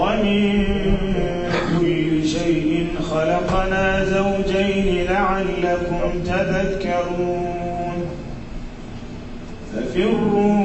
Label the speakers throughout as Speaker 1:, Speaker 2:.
Speaker 1: ومن كل شيء خلقنا زوجين لعلكم تذكرون ففروا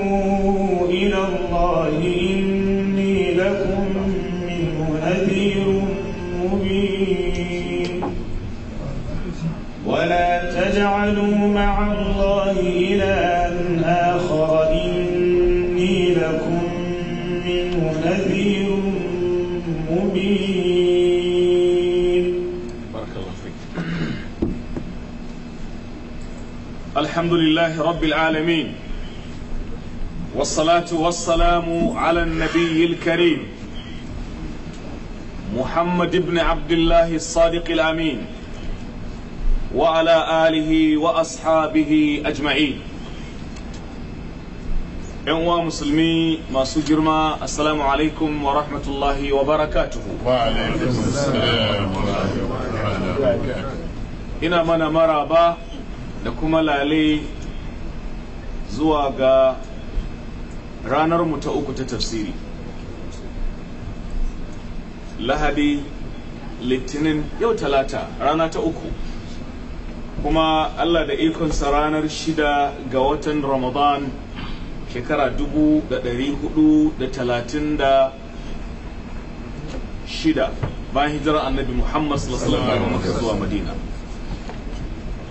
Speaker 2: الحمد لله رب العالمين والصلاة والسلام على النبي الكريم محمد بن عبد الله الصادق الأمين وعلى آله وأصحابه أجمعين ‘yan musulmi masu girma assalamu alaikum wa rahmatullahi wa barakatuhu ina mana maraba da kuma lale zuwa ga ranar mu ta uku ta tafsiri lahadi litinin yau talata rana ta uku kuma allah da ikonsa ranar shida ga watan ramadan shekara dubu da dari hudu da talatin da shida bayan hijirar annabi muhammad sallallahu alaihi wasallam zuwa madina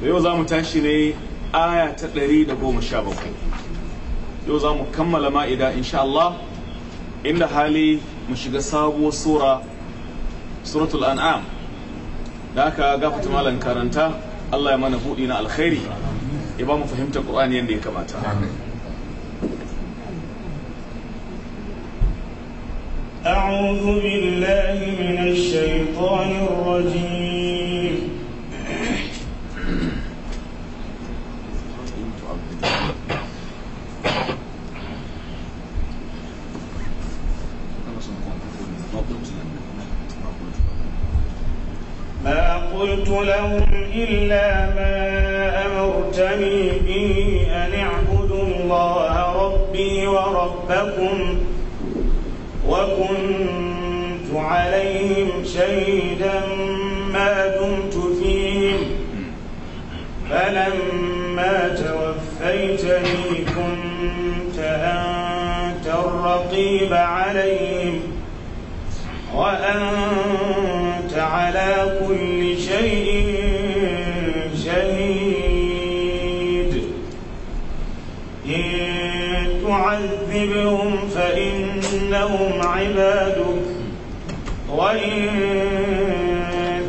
Speaker 2: da yau za mu tashi ne aya ta 117 yau za mu kammala ma'ida insha Allah inda hali mu shiga sabuwar sura suratul an'am da aka gafata malan karanta Allah ya mana buɗi na alkhairi ya ba mu fahimta Qur'ani yadda ya kamata
Speaker 1: أعوذ بالله من الشيطان الرجيم قلت لهم إلا ما أمرتني به أن اعبدوا الله ربي وربكم وكنت عليهم شهيدا ما دمت فيهم فلما توفيتني كنت أنت الرقيب عليهم وأنت على كل شيء شهيد إن تعذبهم فإنهم عبادك وإن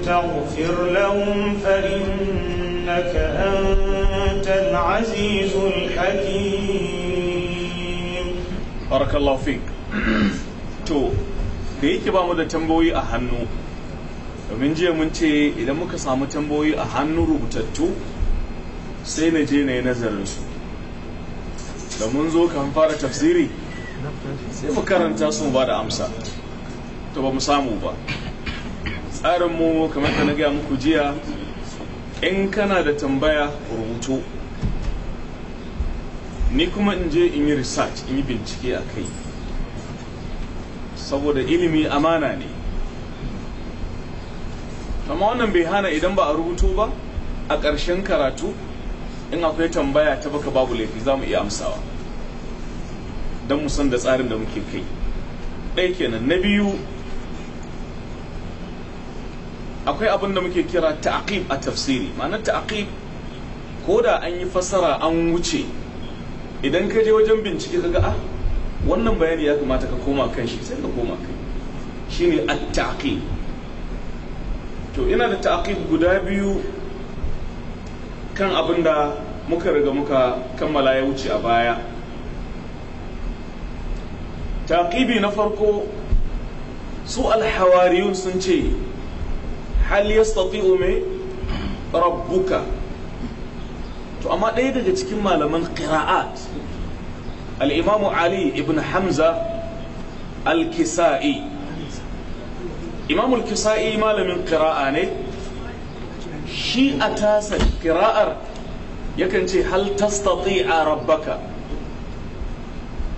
Speaker 1: تغفر لهم فإنك أنت العزيز الحكيم
Speaker 2: بارك الله فيك تو da yake ba تنبوي da domin jiya mun ce idan muka samu tambayoyi a hannun rubutattu sai na je na yi nazarin su da mun zo kan fara tafsiri sai mu karanta sun ba da amsa to ba mu samu ba tsarinmu kamar ka na gaya muku jiya in kana da tambaya rubuto ni kuma in je in yi research in yi bincike a kai saboda ilimi amana ne amma wannan bai hana idan ba a rubuto ba a ƙarshen karatu in akwai tambaya ta baka babu laifi za mu iya amsawa don mu san da tsarin da muke kai ɗaya kenan na biyu akwai abin da muke kira ta'aqib a tafsiri ma'anar ta'aqib ko da an yi fassara an wuce idan ka je wajen bincike ga ga'a ah, wannan bayani ya kamata ka koma kan shi sai ka koma kai shine at to ina da ta'aqib guda biyu kan abin da muka riga muka kammala ya wuce a baya taqibi na farko su alhawariyun sun ce hal yastati'u me rabbuka to amma ɗaya daga cikin malaman qira'at al-imamu ali ibn hamza al-kisa'i imamul kisa'i malamin kira'a ne shi a tasa kira'ar yakan ce hal tastati'a rabbaka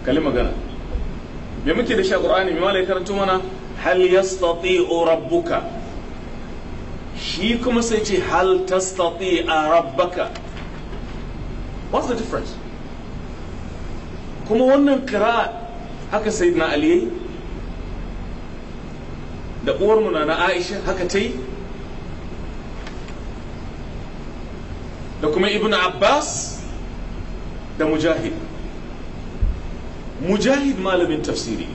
Speaker 2: kalli magana me muke da shi a qur'ani me malai karanto mana hal yastati'u rabbuka shi kuma sai ce hal tastati'a rabbaka what's the difference kuma wannan kira'a haka sayyidina ali da uwarmu na aisha haka ta yi da kuma ibn abbas da mujahid mujahid malamin tafsiri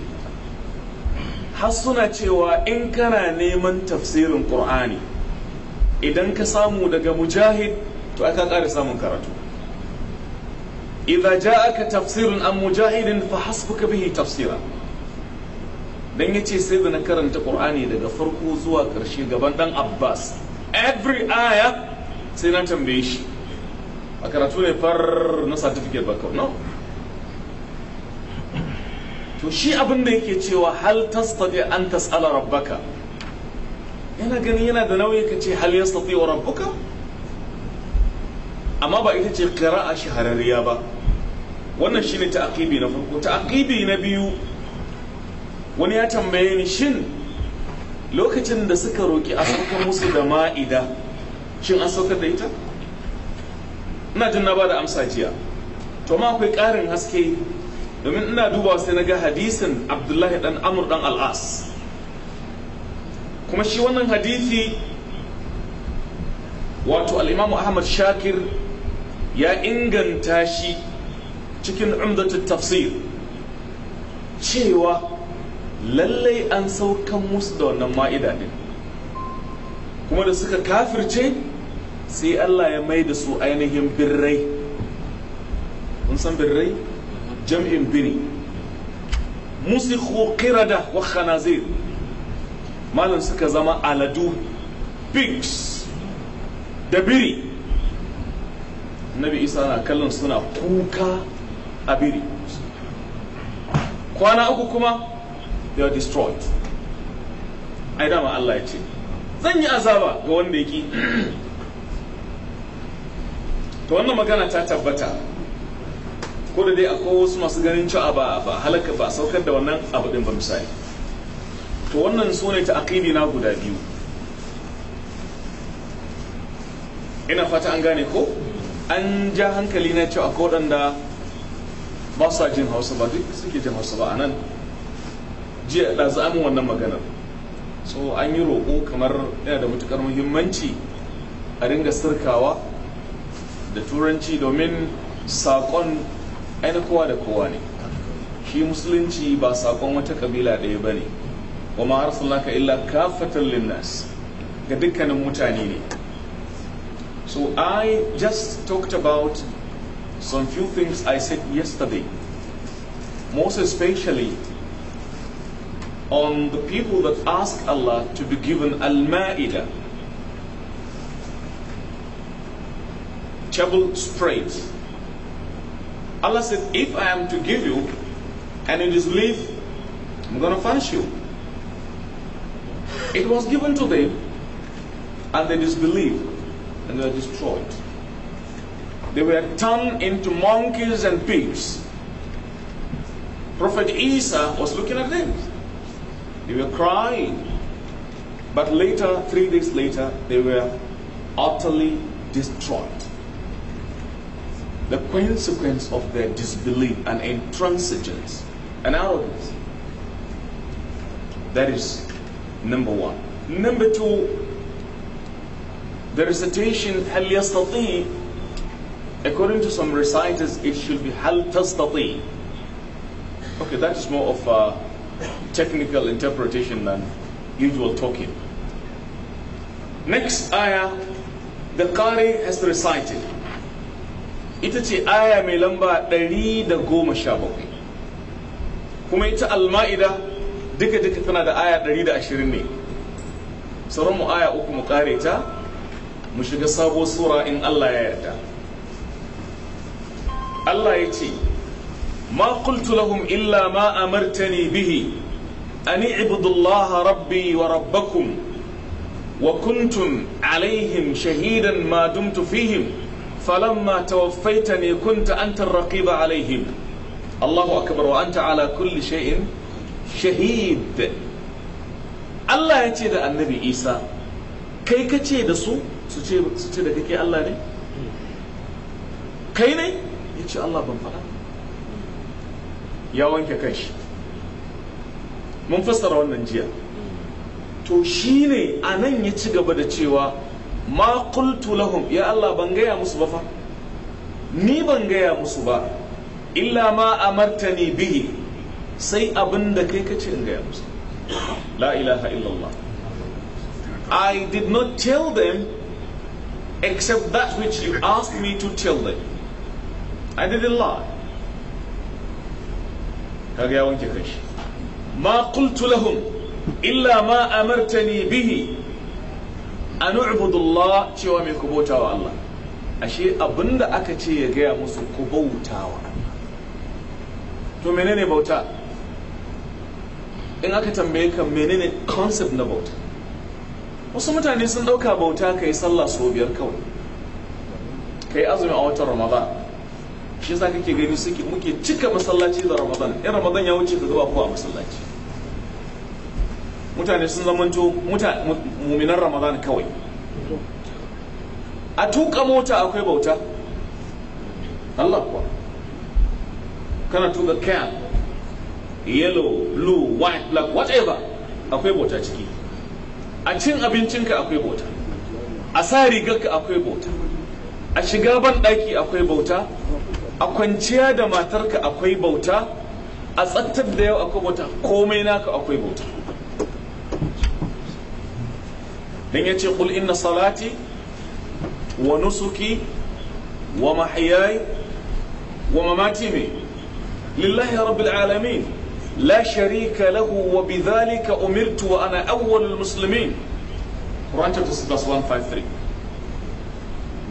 Speaker 2: har suna cewa in kana neman tafsirin ƙur'ani idan ka samu daga mujahid to aka ƙara samun karatu idza ja'aka tafsirin an mujahidin fa hasbuka bihi tafsira dan ya ce sai da na karanta Qur'ani daga farko zuwa ƙarshe gaban dan Abbas every aya sai na tambaye shi a karatu ne far na certificate ba no to shi abin da yake cewa hal tastati an tas'ala rabbaka yana ganin yana da nauyi kace hal yastati wa rabbuka amma ba ita ce qira'a shahararriya ba wannan shine ta'aqibi na farko ta'aqibi na biyu wani ya tambaye ni shin lokacin da suka roƙi a saukar musu da ma'ida shin an saukar da ita ina jin na ba da amsa jiya to ma akwai ƙarin haske domin ina dubawa sai na ga hadisin abdullahi dan amur dan al'as kuma shi wannan hadisi, wato al'imamu ahmad shakir ya inganta shi cikin umdatu tafsir cewa lallai an saukan musu da wannan ma'ida din kuma da suka kafirce sai Allah ya mai da su ainihin birrai kun san birrai jam'in biri musikhu qirada wa khanazir malam suka zama aladu pigs da biri nabi isa na kallon suna kuka a biri kwana uku kuma they are destroyed ai dama Allah ya ce zan yi azaba ga wanda ya ki to wannan magana ta tabbata ko da dai akwai wasu masu ganin cewa ba ba halaka ba saukar da wannan abu din ba misali to wannan su ne ta aqidi na guda biyu ina fata an gane ko an ja hankali na cewa akwai waɗanda ba sa jin hausa ba duk suke jin hausa ba a nan jiya da samun wannan maganar so an yi roƙo kamar yana da matukar muhimmanci a ringa sirkawa da turanci domin saƙon aina kowa da kowa ne shi musulunci ba saƙon wata kabila ɗaya ba ne wa ma arsalnaka illa kafatan linnas ga dukkanin mutane ne so i just talked about some few things i said yesterday most especially on the people that ask Allah to be given Al-Ma'idah, table spread. Allah said, if I am to give you and it is leaf, I'm going to punish you. It was given to them and they disbelieved and they were destroyed. They were turned into monkeys and pigs. Prophet Isa was looking at them. They were crying. But later, three days later, they were utterly destroyed. The consequence of their disbelief and intransigence and arrogance. That is number one. Number two, the recitation, هل according to some reciters, it should be هل تستطيع. Okay, that is more of a technical interpretation than usual talking. Next ayah, the Qari has recited. Ita ce aya mai lamba ɗari da goma bakwai Kuma ita Al-Ma'ida duka-duka tana da aya ɗari da ashirin ne. Sauran mu aya uku mu kare ta, mu shiga sabuwar sura in Allah ya yarda. Allah ya ce, ما قلت لهم إلا ما أمرتني به أن اعبدوا الله ربي وربكم وكنتم عليهم شهيدا ما دمت فيهم فلما توفيتني كنت أنت الرقيب عليهم الله أكبر وأنت على كل شيء شهيد Allah ya ce da annabi Isa kai ka ce da su su ce da kake Allah ne kai ne ya ce Allah ban faɗa ya wanke shi mun fassara wannan jiya to shine a nan ya ci gaba da cewa ma qultu lahum ya Allah ban gaya musu ba fa ni ban gaya musu ba illa ma amartani bihi sai abin da kai kace in gaya musu la ilaha illallah I did not tell them except that which you asked me to tell them I did a lie kaga ya wanke kanshi ma qultu lahum illa ma amartani bihi an a'budu Allah cewa mai ku bautawa Allah ashe abinda aka ce ya gaya musu ku bautawa to menene bauta in aka tambaye ka menene concept na bauta wasu mutane sun dauka bauta kai sallah sau biyar kawai kai azumi a watan ramadan shi yasa kake gani suke muke cika masallaci da ramadan in ramadan ya wuce ka zuba kowa masallaci mutane sun zamanto muminan ramadan kawai a tuka mota akwai bauta Allah kuwa kana tuka cab yellow blue white black whatever akwai bauta ciki a cin abincinka akwai bauta a sa rigarka akwai bauta a shiga ban daki akwai bauta a kwanciya da matarka akwai bauta a tsattar da yau akwai bauta komai naka akwai bauta dan yace qul inna salati wa nusuki wa mahyaya wa mamati me lillahi rabbil alamin la sharika lahu wa bidhalika umirtu wa ana awwalul muslimin Quran chapter 6 verse 153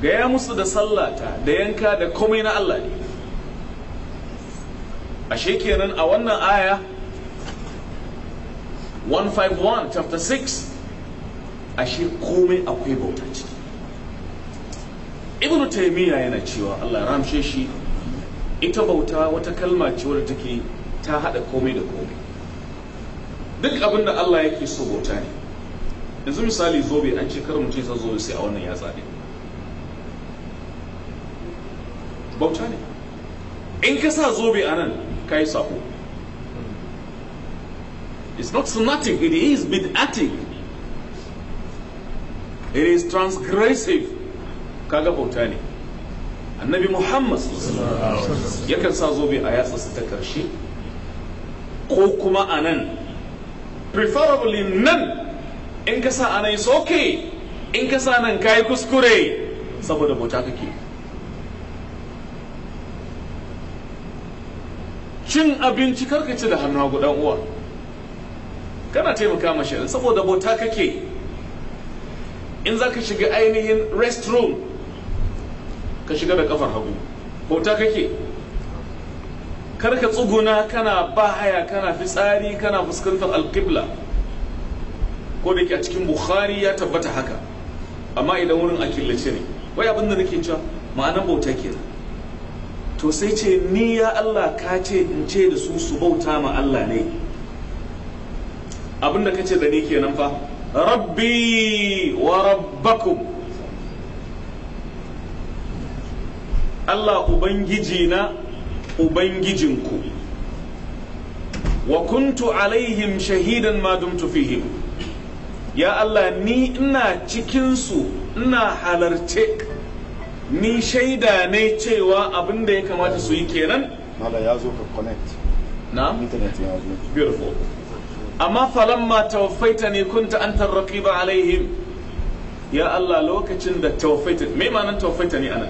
Speaker 2: gaya musu da sallata da yanka da komai na Allah ne ashe kenan a wannan aya 151 chapter 6 ashe komai akwai bauta ciki ibnu taymiya yana cewa Allah ramshe shi ita bauta wata kalma ce wadda take ta hada komai da komai duk abin da Allah yake so bauta ne yanzu misali zobe an ce kar mu ce sa zobe sai a wannan ya tsade bauta ne in ka sa zobe a nan ka yi sako it's not sunnatic it is bid'atic it is transgressive kaga bauta ne annabi muhammad ya kan sa zobe a yatsa ta karshe ko kuma a nan preferably nan in ka sa a nan is okay in ka sa nan ka yi kuskure saboda bauta kake cin abinci karka ci da hannu hagu dan uwa kana taimaka mashi shaidan saboda bauta kake in za ka shiga ainihin restroom ka shiga da kafar hagu bauta kake karka tsuguna kana bahaya kana fitsari kana fuskantar alkibla ko da ke a cikin bukhari ya tabbata haka amma idan wurin a killace ne wai abin da nake cewa ma'anar bauta kenan to sai ce ni ya Allah ka ce in ce da su su bauta ma Allah ne abinda ka ce da ni kenan fa rabbi wa rabbakum Allah ubangiji na ubangijinku wa kuntu alaihim shahidan ma dumtu fihim ya Allah ni ina cikinsu ina halarce ni shaida ne cewa abin da ya kamata su yi kenan
Speaker 3: mala ya zo ka connect
Speaker 2: na internet ya zo beautiful amma falamma ne kunta tarraki ba alaihim ya Allah lokacin da tawaffaita me ma'anar ne ana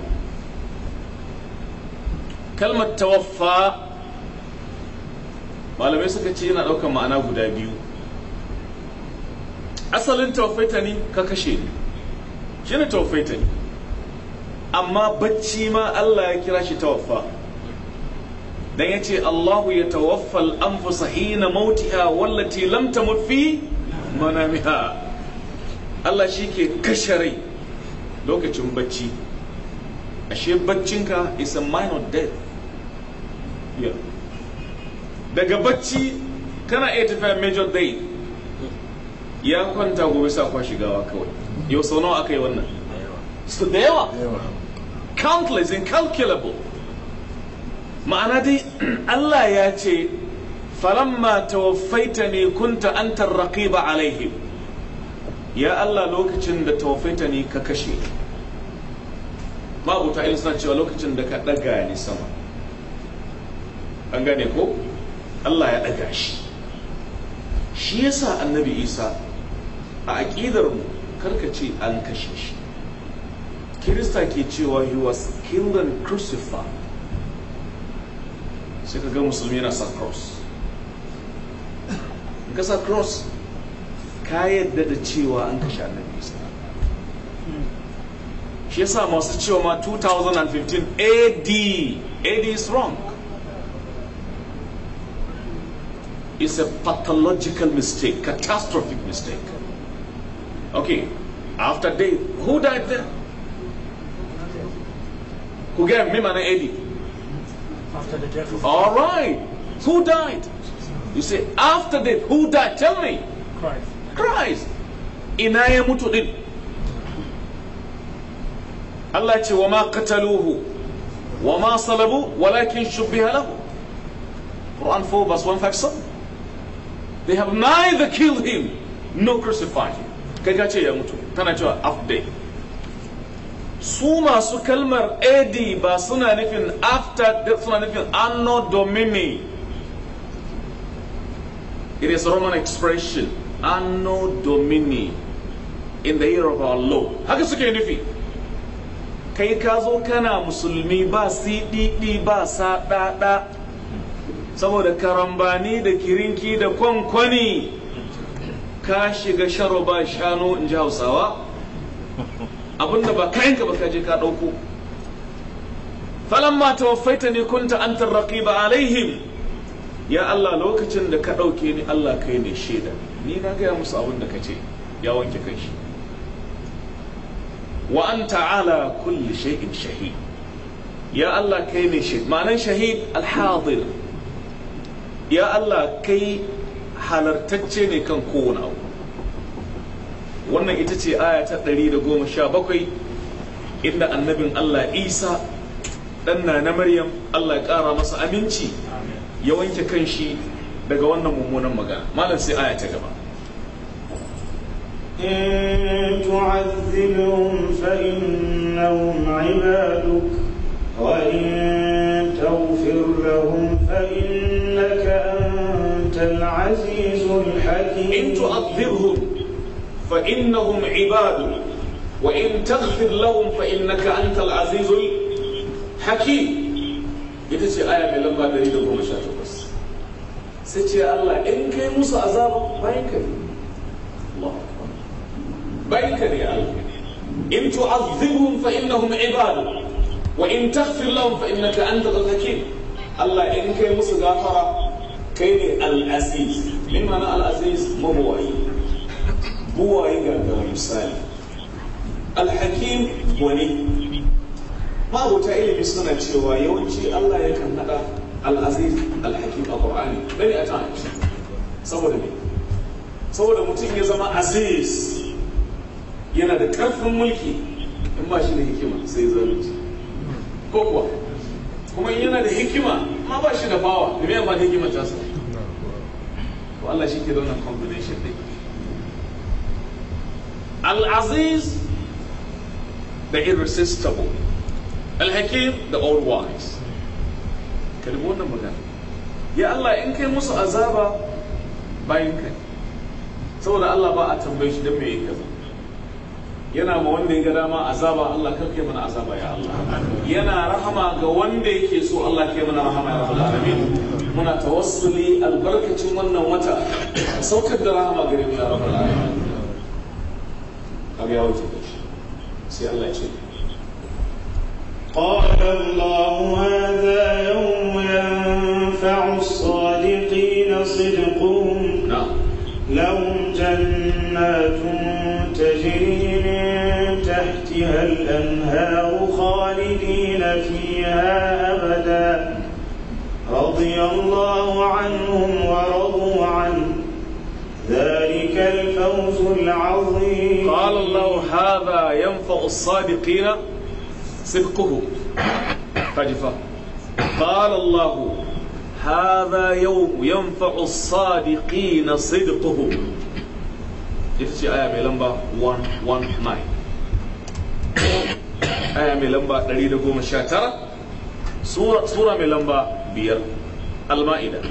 Speaker 2: kalmar tawaffa malamai suka ce yana ɗaukar ma'ana guda biyu asalin ne ka kashe shi ne tawfaita ne. amma bacci ma Allah ya kira shi tawaffa dan yace Allahu ya tawaffal anfusa hina mautiha wallati lam tamut fi manamiha Allah shike kashe rai lokacin bacci ashe baccinka is a minor death daga bacci kana iya tafiya major day ya kwanta gobe sa kwa shigawa kawai yau sau nawa aka yi wannan su da yawa countless incalculable ma'ana dai Allah ya ce falamma tawaffaitani kunta antar raqiba alaihim ya Allah lokacin da ne ka kashe babu ta suna cewa lokacin da ka daga ni sama an gane ko Allah ya daga shi shi yasa annabi Isa a aƙidar mu karka ce an kashe shi kiristaki ke cewa he was killed and crucified sai ka ga musulmi yana sa cross in ka sa cross ka yadda da cewa an kashe annabi isa shi yasa masu cewa ma 2015 AD AD is wrong it's a pathological mistake catastrophic mistake okay after death who died there ku gaya me ma'anar Eddie. after the death of all right who died you say after death who died tell me christ christ ina ya mutu din Allah ce wa ma qataluhu wa ma salabu walakin shubbiha lahu Quran 4 verse 157 they have neither killed him nor crucified him kai ka ce ya mutu tana cewa after death su masu kalmar ad ba suna nufin after suna nufin anno domini it is roman expression anno domini in the year of our law haka suke nufi kai ka zo kana musulmi ba cdd ba saɗaɗa saboda karambani da kirinki da kwankwani ka shiga sharo ba shano in ji hausawa abinda ba kayan ka ba ka je ka dauko falamma tawaffaitani kunta anta raqiba alaihim ya Allah lokacin da ka dauke ni Allah kai ne shaida ni na gaya musu abin da kace ya wanke kai shi wa anta ala kulli shay'in shahid ya Allah kai ne shahid ma'anan shahid al-hadir ya Allah kai halartacce ne kan kowane abu wannan ita ce aya ta 117 inda annabin Allah Isa ɗanna na Maryam Allah ya ƙara masa aminci ya wanke kanshi daga wannan mummunan magana malam sai aya ta gaba
Speaker 1: in إن تعذبهم wa in وإن
Speaker 4: تغفر لهم فإنك أنت العزيز
Speaker 2: الحكيم إن تعذبهم فإنهم عباد وإن تغفر لهم فإنك أنت العزيز الحكيم ita ce aya mai lamba 118 sai ce Allah in kai musu azaba bayan ka ne bayan ka ne Allah in tu'azzibhum fa innahum ibadu wa in taghfir lahum fa innaka antal hakim Allah in kai musu gafara kai ne al-aziz limana al-aziz mabawai buwaye gaggawa misali alhakim wani ma'abuta ilimi suna cewa yawanci allah ya yakan haɗa al'aziz alhakim a ƙwa'ani ɗari a ta'ashi saboda ne saboda mutum ya zama aziz yana da ƙarfin mulki in ba shi da hikima sai zalunci ko kuwa kuma in yana da hikima ma ba shi da bawa da mai ba da hikima ta sa to Allah shi ke da wannan combination ɗin Al-Aziz, the irresistible. Al-Hakim, the all-wise. Kalli wannan magana. Ya Allah in kai musu azaba bayan kai. Saboda Allah ba a tambaye shi don me yake kaza. yana ma wanda ya ga dama azaba Allah kar kai mana azaba ya Allah yana rahama ga wanda yake so Allah kai mana rahama ya rabbul alamin muna tawassuli albarkacin wannan wata saukar da rahama gare mu ya rabbul alamin kaga ya wanke
Speaker 1: shi Allah ya قال الله هذا يوم ينفع الصادقين صدقهم نعم. لهم جنات تجري من تحتها الأنهار خالدين فيها أبدا رضي الله عنهم ورضوا عنه الفوز العظيم قال
Speaker 2: الله هذا ينفع الصادقين صدقه فجفا قال الله هذا يوم ينفع الصادقين صدقه ita ce aya mai 119 آية ملمبا lamba 119 sura سورة, lamba 5 al-ma'ida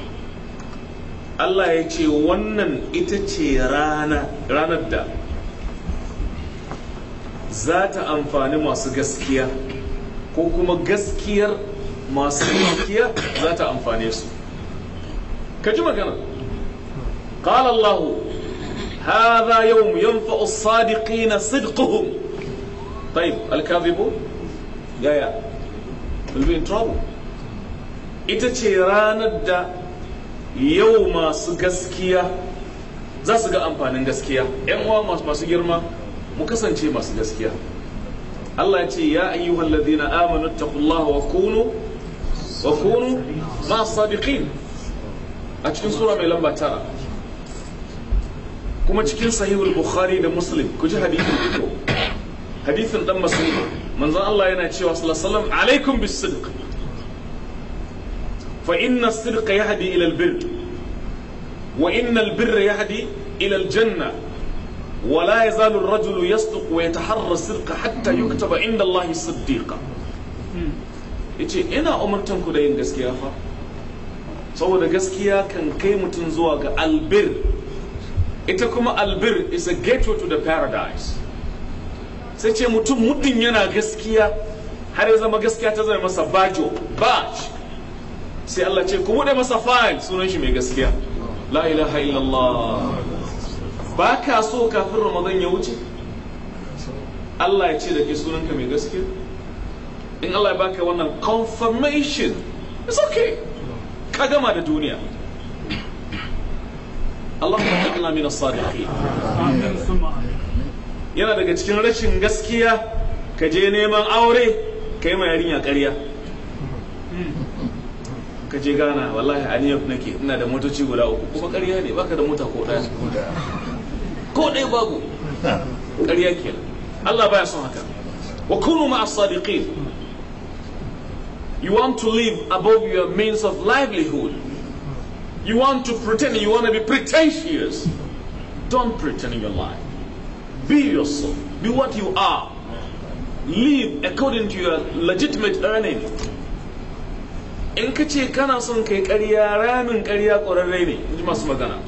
Speaker 2: Allah ya ce wannan ita ce ranar da za ta amfani masu gaskiya ko kuma gaskiyar masu gaskiya za ta amfane su ka ji magana قال الله هذا يوم ينفع الصادقين صدقهم طيب الكاذبون يا يا will be in trouble ita ce ranar da yau masu gaskiya za su ga amfanin gaskiya yan uwa masu girma mu kasance masu gaskiya Allah ya ce ya ayyuhal ladina amanu taqullaha wa kunu wa kunu ma sadiqin a cikin sura mai lamba tara kuma cikin sahihul bukhari da muslim ku ji hadithin da hadithin dan mas'ud manzon Allah yana cewa sallallahu alaihi wasallam alaikum bis sidq fa inna ya yahdi ila albir wa inna albirra yahdi ila aljanna wa la yazalu ar-rajulu yasduq wa yataharra sidqa hatta yuktaba inda Allah siddiqa yace ina umurtan ku da yin gaskiya fa saboda gaskiya kan kai mutum zuwa ga albir ita kuma albir is a gateway to the paradise sai ce mutum muddin yana gaskiya har ya zama gaskiya ta zama masa bajo sai Allah ce ku buɗe masa fayil sunan shi mai gaskiya la ilaha illallah ba ka so kafin ramadan ya wuce Allah ya ce da ke sunan ka mai gaskiya in Allah ya baka wannan confirmation it's okay ka gama da duniya Allah ya kana min as-sadiqin yana daga cikin rashin gaskiya ka je neman aure kai ma yarinya ƙarya ka je gana wallahi aniyaf nake ina da motoci guda uku kuma ƙarya ne baka da mota ko ɗaya ko ɗaya babu ƙarya ke Allah baya son haka wa kunu ma as-sadiqin you want to live above your means of livelihood you want to pretend you want to be pretentious don't pretend in your life be yourself be what you are live according to your legitimate earning in ka ce kana son kai karya ramin karya ƙwararre ne in ji masu magana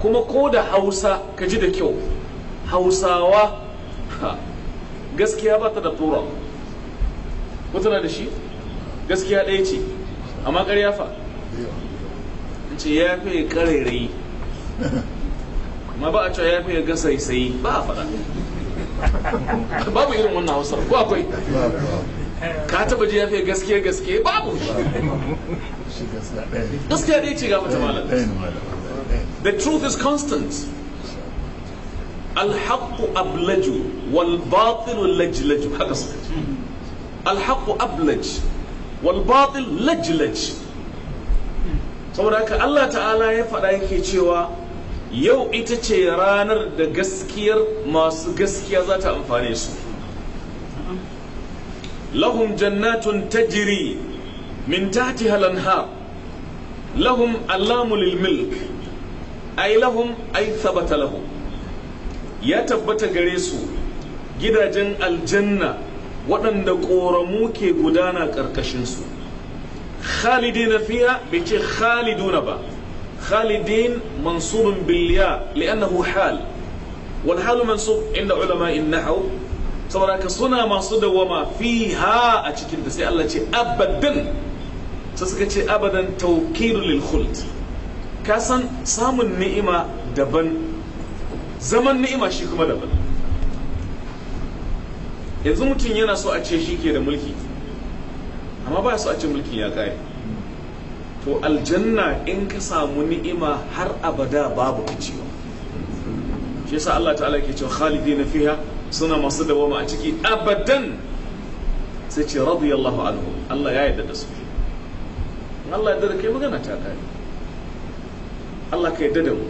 Speaker 2: kuma ko da hausa ka ji da kyau hausawa gaskiya ba ta da tura mutuna da shi gaskiya ɗaya ce amma karya fa in ce ya fi ƙarairayi kuma ba a cewa ya fi ga sai-sai ba a faɗa babu irin wannan hausar ko akwai ka taba ji ya fi gaskiya gaskiya babu gaskiya dai ce ga mata malam the truth is constant alhaqqu ablaju wal batilu lajlaju haka suka ce alhaqqu ablaj wal batil lajlaj saboda haka Allah ta'ala ya faɗa yake cewa yau ita ce ranar da gaskiyar masu gaskiya za ta amfane su lahum jannatun tajri min tahtiha al-anhar lahum allamu lil-milk ay lahum ay thabata lahum ya tabbata gare su gidajen aljanna waɗanda ƙoramu ke gudana ƙarƙashinsu khalidina fiya bai ce khaliduna ba khalidin mansubun biliya li'annahu hal والحال inda عند علماء hau. saboda ka suna masu dawama fiha a cikin da sai Allah ce abadan sai suka ce abadan tawkiru lil khuld ka san samun ni'ima daban zaman ni'ima shi kuma daban yanzu mutum yana so a ce shi ke da mulki amma ba so a ce mulkin ya kare to aljanna in ka samu ni'ima har abada babu kicewa shi yasa Allah ta'ala ke cewa khalidina fiha suna masu dawama a ciki abadan sai ce radiyallahu anhu Allah ya yarda da su Allah ya yarda da kai magana ta kare Allah ka yarda da mu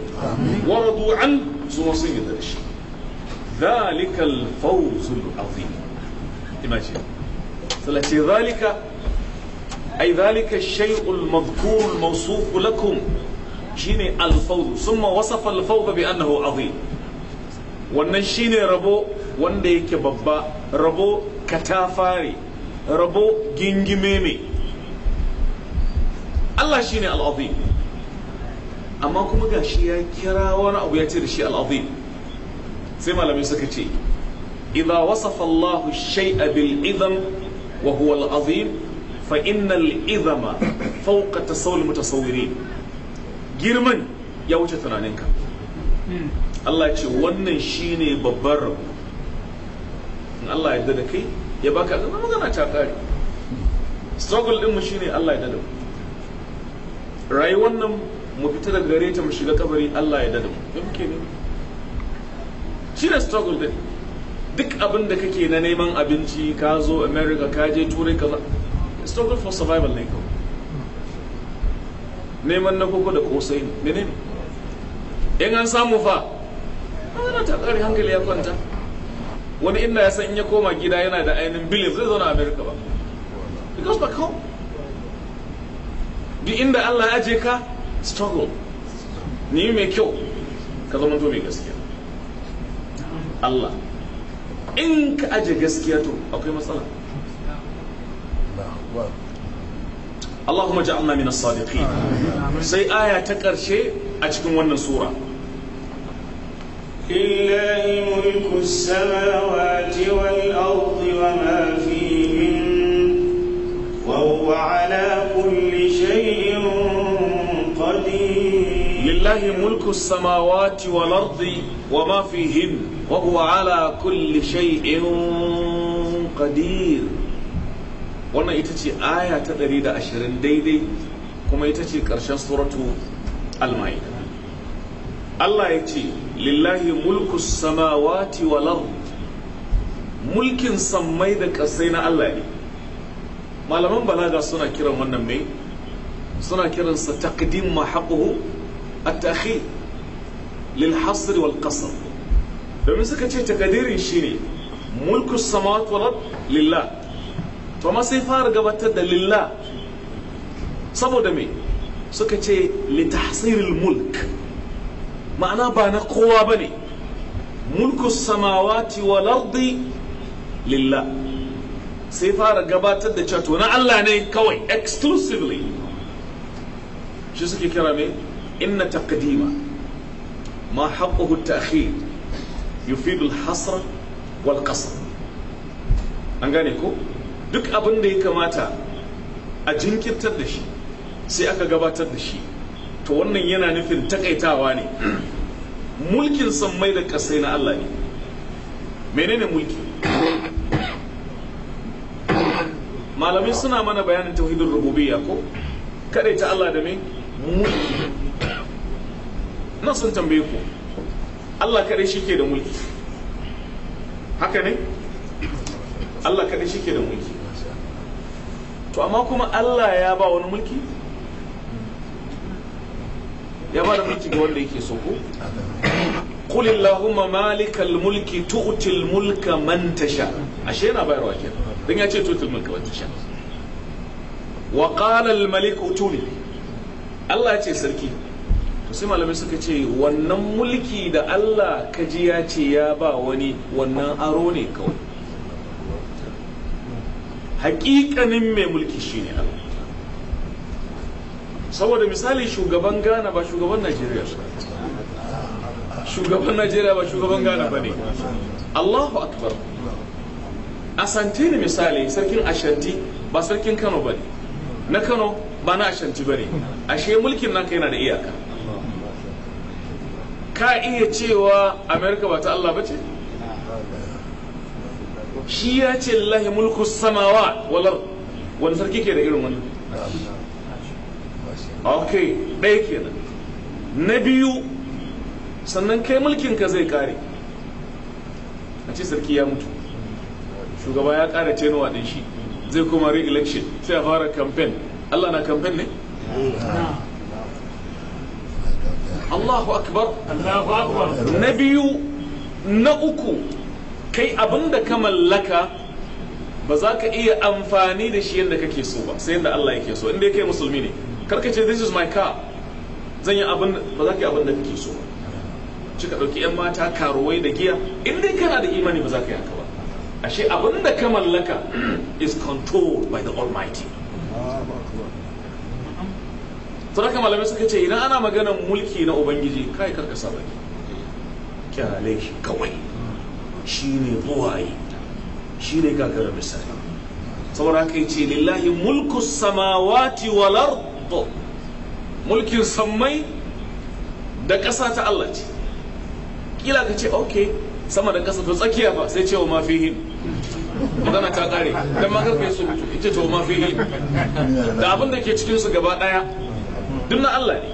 Speaker 2: wa radu an su ma sun yarda da shi ذلك الفوز العظيم imagine ثلاثة ذلك أي ذلك الشيء المذكور الموصوف لكم شيني الفوض ثم وصف bi بأنه عظيم wannan shine rabo wanda yake babba rabo katafare rabo gingime ne Allah shine al'azim amma kuma gashi ya kira wani abu ya ce da shi al'azim sai malamai suka ce idza wasafa Allah shay'a bil idham wa huwa al'azim fa innal idhama fawqa tasawwur mutasawwirin girman ya wuce tunaninka hmm. Allah ce wannan shine babbar rabu in Allah ya da kai ya baka zama magana ta kare struggle din mu shine Allah ya dada mu rayuwar nan mu fita daga gare ta mu shiga kabari Allah ya dada mu me muke ne shine struggle din duk abin da kake na neman abinci ka zo America ka je turai kaza struggle for survival ne kawai neman na koko da kosai ne menene in an samu fa ana ta ƙari hankali ya kwanta wani inda ya san in ya koma gida yana da ainihin bilin zai zauna america ba because back home duk inda allah ya je ka struggle ni mai kyau ka zama to mai gaskiya allah in ka aje gaskiya to akwai matsala اللهم اجعلنا من الصادقين سي آية تكرشي أجكم ونن سورة
Speaker 1: لله ملك السماوات والأرض وما فيهن وهو
Speaker 2: على كل شيء قدير لله ملك السماوات والأرض وما فيهن وهو على كل شيء قدير wannan ita ce aya ta 120 daidai kuma ita ce ƙarshen suratu al-ma'ida Allah ya ce lillahi mulku samawati wal mulkin sammai da kasai na Allah ne malaman balaga suna kiran wannan mai suna kiransa taqdim ma haquhu at lil hasr wal qasr domin suka ce takadirin shine mulku samawati wal lillah to ma sai fara gabatar da lillah saboda mai suka ce li tahsiril mulk ma'ana ba na kowa ba ne mulku samawati wal ardi lillah sai fara gabatar da cato na Allah ne kawai exclusively shi suke kira me inna taqdima ma haqquhu takhir yufid al-hasra wal qasr an gane ko duk abin da ya kamata a jinkirtar da shi sai aka gabatar da shi to wannan yana nufin takaitawa ne mulkin sammai da kasai na Allah ne menene mulki malamai suna mana bayanin tauhidin rububiyya ko ta Allah da me mulki na sun tambaye ku Allah kadai shike da mulki haka ne Allah kadai shike da mulki to amma kuma Allah ya ba wani mulki ya ba da mulki ga wanda yake so ko qul allahumma malikal mulki tu'til mulka man tasha ashe yana bayarwa kenan dan ya ce tu'til mulka man tasha wa qala al malik utuni Allah ya ce sarki to sai malamai suka ce wannan mulki da Allah ka ji ya ce ya ba wani wannan aro ne kawai hakikanin mai mulki shine Allah saboda misali shugaban ghana ba shugaban najeriya shugaban najeriya ba shugaban ghana ba ne allahu akbar asante ne misali sarkin ashanti ba sarkin kano ba ne na kano ba na ashanti ba ne ashe mulkin naka yana da iyaka ka iya cewa amerika ba ta allah ba ce shi ya ce lahi mulku samawa walar wani sarki ke da irin wani ok ɗaya kenan na biyu sannan kai mulkin ka zai kare a ce sarki ya mutu shugaba ya kara tenuwa ɗin shi zai kuma re-election sai a fara campaign allah na campaign ne allahu akbar na biyu na uku kai abinda ka mallaka ba za ka iya amfani da shi yadda kake so ba sai yadda allah yake so inda kai musulmi ne karka ce this is my car zan yi abin ba za ka yi abin da kake so ci ka ɗauki 'yan mata karuwai da giya in dai kana da imani ba za ka yi haka ba ashe abin da ka mallaka is controlled by the almighty tun malamai suka ce idan ana maganar mulki na ubangiji kai karka sa baki kyale shi kawai shi ne buwaye shi ne gagarar misali saboda haka yi ce lillahi mulkus samawati walar to mulkin sammai da ƙasa ta Allah ce kila ka ce ok sama da ƙasa to tsakiya ba sai ce wa mafihin magana ta ƙare don ma karfe su mutu ita ce wa mafihin da abin da ke cikin su gaba ɗaya duk na Allah ne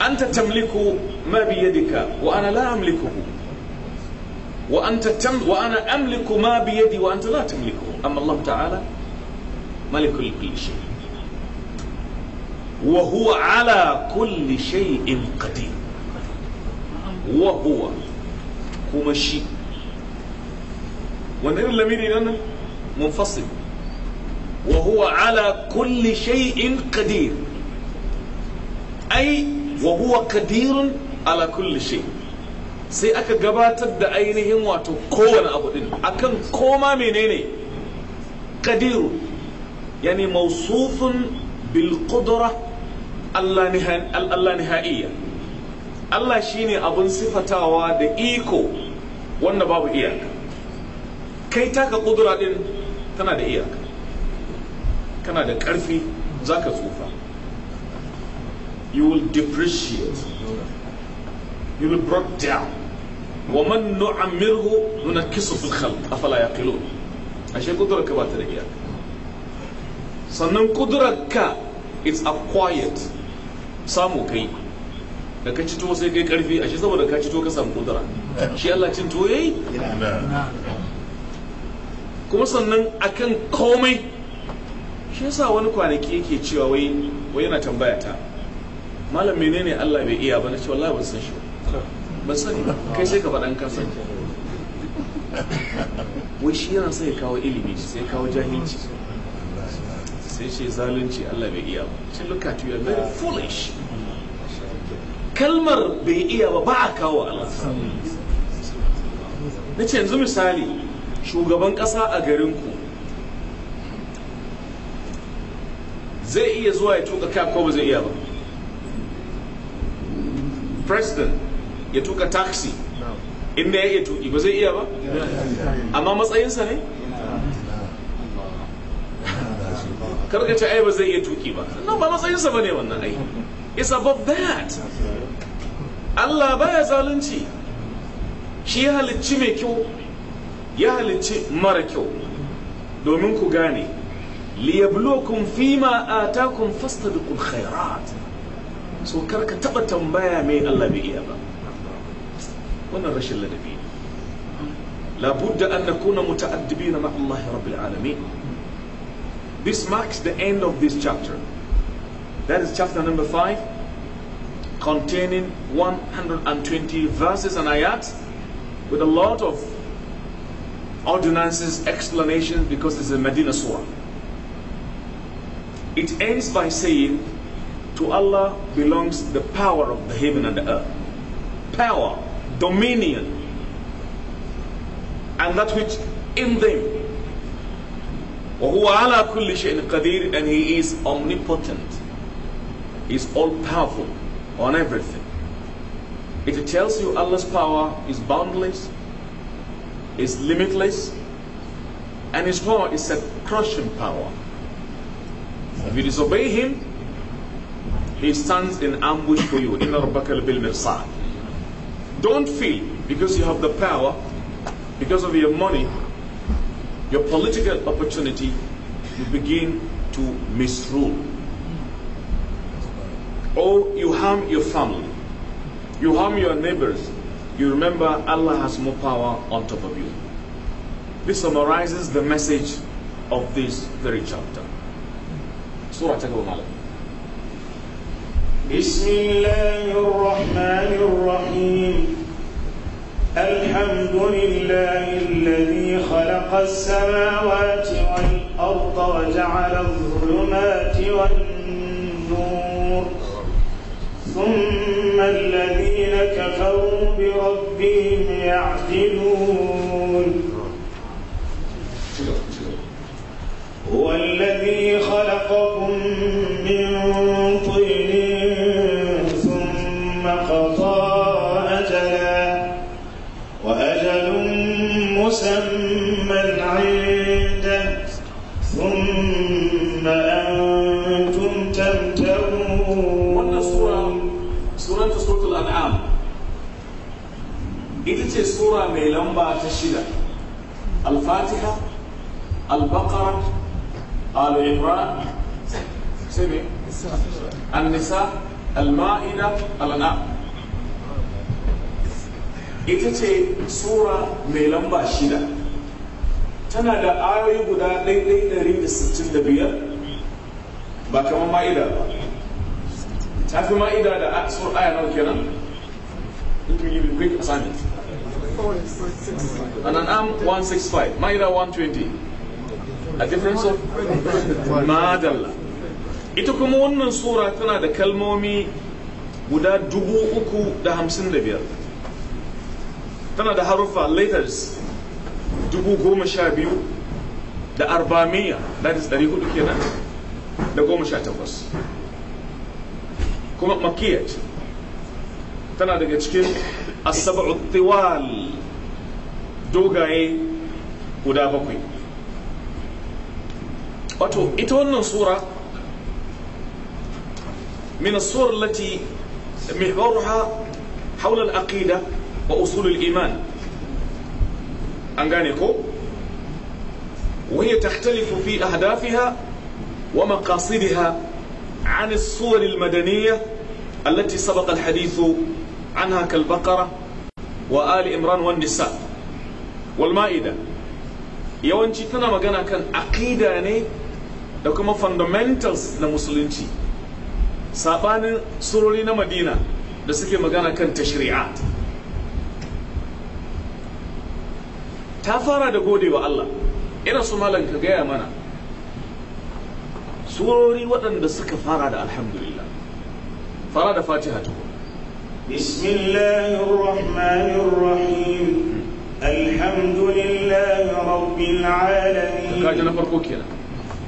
Speaker 2: anta tamliku ma biyadika wa ana la amlikuhu وأنت تم وأنا أملك ما بيدي وأنت لا تملكه أما الله تعالى ملك كل شيء wa huwa ala kulli shay'in qadir wa huwa kuma shi wanda irin lamiri nan munfasil wa huwa ala kulli shay'in qadir ai wa huwa ala kulli shay sai aka gabatar da ainihin wato kowane abu ɗin. akan koma menene qadiru yani mausufin bil Allah allanihaiya Allah shi ne abun sifatawa da iko wanda babu iyaka kai taka kudura din tana da iyaka kana da ƙarfi za ka tsufa you will depreciate you will break down ومن نعمره ننكسه في الخلق أفلا يقلون ashe kudurarka ba ta da iyaka sannan kudurarka it's acquired samu kai da ka cito sai kai karfi a shi saboda ka cito ka samu kudura shi Allah cin to yayi kuma sannan akan komai shi yasa wani kwanaki yake cewa wai wai yana tambaya ta malam menene Allah bai iya ba na ce wallahi ban san shi ban sani kai sai ka faɗan ka wai shi yana sai ya kawo ilimi sai ya kawo jahilci sai ce zalunci Allah bai iya ba ce look at you are very foolish kalmar bai iya ba ba a kawo Allah na ce yanzu misali shugaban kasa a garin ku zai iya zuwa ya tuka cap ko ba zai iya ba president ya tuka taxi inda ya iya tuki ba zai iya ba amma matsayinsa ne karka ce ai ba zai iya tuki ba nan ba matsayinsa ba ne wannan ai it's above that Allah baya zalunci shi ya halicci mai kyau ya halicci mara kyau domin ku gane liyabluwakum fima atakum fastabiqul khairat so karka taba tambaya mai Allah bai iya ba wannan rashin ladabi labudda an nakuna muta'addibina ma'a Allah rabbil alamin This marks the end of this chapter. That is chapter number 5, containing 120 verses and ayats with a lot of ordinances, explanations, because it's a Medina Surah. It ends by saying, To Allah belongs the power of the heaven and the earth. Power, dominion, and that which in them وهو and he is omnipotent. He is all powerful on everything. It tells you Allah's power is boundless, is limitless, and his power is a crushing power. If you disobey him, he stands in ambush for you. Don't feel because you have the power, because of your money, your political opportunity, you begin to misrule. Or oh, you harm your family, you harm your neighbors. You remember Allah has more power on top of you. This summarizes the message of this very chapter. Surah Al-Malam. بسم الله
Speaker 1: الرحمن الرحيم الحمد لله الذي خلق السماوات والأرض وجعل الظلمات والنور ثم الذين كفروا بربهم يعدلون هو الذي خلقكم من طين أنتم
Speaker 2: تمترون wannan sura suranta suratul an'am ita ce sura mai lamba ta shida al-fatiha al ita ce sura mai lamba shida tana da ayoyi guda biyar ba kamar ma'ida ba ta fi ma'ida da a sur aya nawa kenan in to yi you quick assignment an am 165 ma'ida 120 a difference of madalla ita kuma wannan sura tana da kalmomi guda dubu uku da hamsin da biyar tana da haruffa letters dubu goma sha biyu da arba'amiya that is dari hudu kenan da goma sha takwas kuma makiya ce tana daga cikin asaba'u tiwal dogaye guda bakwai wato ita wannan sura min as-suwar allati mihwaruha hawla aqida wa usul iman an gane ko وهي تختلف في أهدافها ومقاصدها عن الصور المدنية التي سبق الحديث عنها كالبقرة وآل إمران والنساء والمائدة yawanci tana magana kan aƙida ne da kuma fundamentals na musulunci saɓanin surori na madina da suke magana kan tashri'at ta fara da gode wa Allah irin su malam ka gaya mana surori waɗanda suka fara da alhamdulillah fara da fatiha ta
Speaker 1: bismillahir rahmanir rahim alhamdulillahi
Speaker 2: rabbil
Speaker 1: alamin kaje na
Speaker 2: farko kenan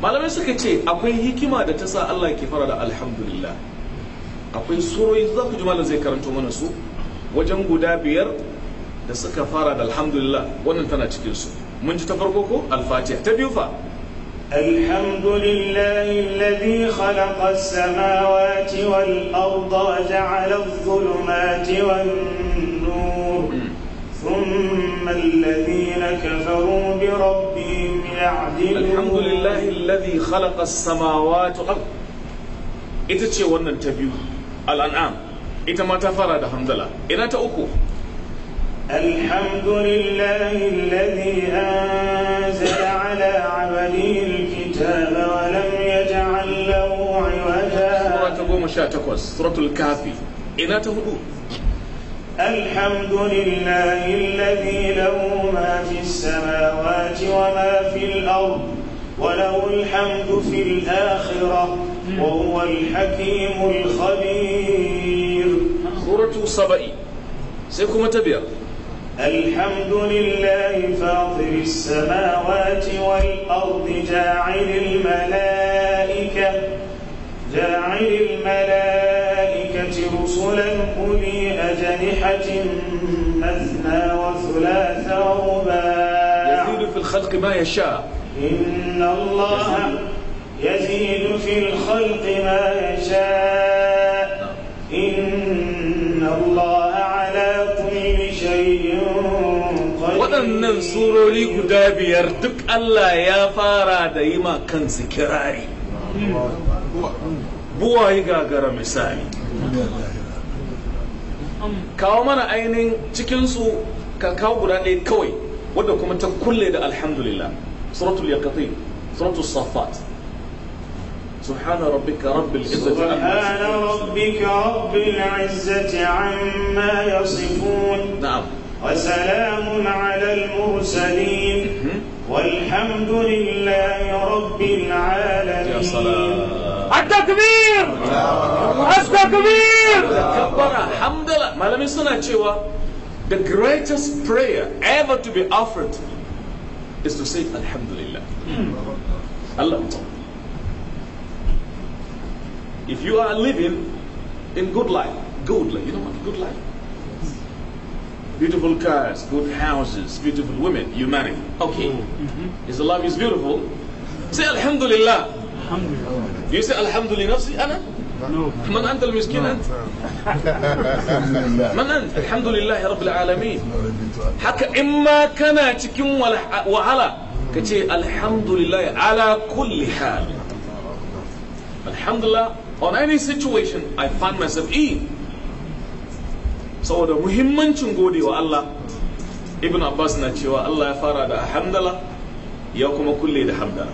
Speaker 2: malamai suka ce akwai hikima da ta sa Allah ke fara da alhamdulillah akwai surori za ku ji malam zai karanto mana su wajen guda biyar da suka fara da alhamdulillah wannan tana cikin su mun ji ta farko ko al-fatiha ta biyu fa الحمد لله الذي
Speaker 1: خلق السماوات والأرض وجعل الظلمات والنور ثم الذين كفروا
Speaker 2: بربهم يعدلون الحمد لله الذي خلق السماوات والأرض ita ce wannan ta biyu al'an'am ita ma ta fara تأكو
Speaker 1: الحمد لله الذي أنزل على عبده الكتاب ولم يجعل
Speaker 2: له عوجا سورة قوم شاتكوس سورة الكافي إلى تهدو
Speaker 1: الحمد لله الذي له ما في السماوات وما في الأرض وله الحمد في الآخرة وهو الحكيم الخبير سورة سبئي سيكون تبيع الحمد لله فاطر
Speaker 2: السماوات
Speaker 1: والأرض جاعل الملائكة جاعل الملائكة رسلا أولي أجنحة مثنى وثلاث ورباع يزيد في
Speaker 2: الخلق ما يشاء إن
Speaker 1: الله يزيد في الخلق ما يشاء
Speaker 2: waɗannan surori guda biyar duk Allah ya fara da yi ma kansu kirari buwaye gagara misali kawo mana ainihin cikinsu ka kawo guda ɗaya kawai wadda kuma ta kulle da alhamdulillah suratul yaqatin suratul safat سبحان ربك رب العزة سبحان
Speaker 1: ربك رب العزة عما يصفون
Speaker 2: نعم وسلام
Speaker 1: على المرسلين والحمد لله رب العالمين
Speaker 2: التكبير التكبير الحمد لله ما لم suna شيء the greatest prayer ever to be offered is to say alhamdulillah Allah if you are living in good life good life you know what good life beautiful cars, good houses, beautiful women, you marry. Okay. Mm-hmm. Is the love is beautiful? Say Alhamdulillah.
Speaker 5: Alhamdulillah.
Speaker 2: You say Alhamdulillah nafsi ana? No. من أنت المسكين أنت؟ من أنت؟ الحمد لله رب العالمين. حكى إما كان تكيم وعلى كتير الحمد لله على كل حال. Alhamdulillah, on any situation I find myself in. saboda muhimmancin godewa Allah ibn Abbas na cewa Allah ya fara da hamdala ya kuma kulle da hamdala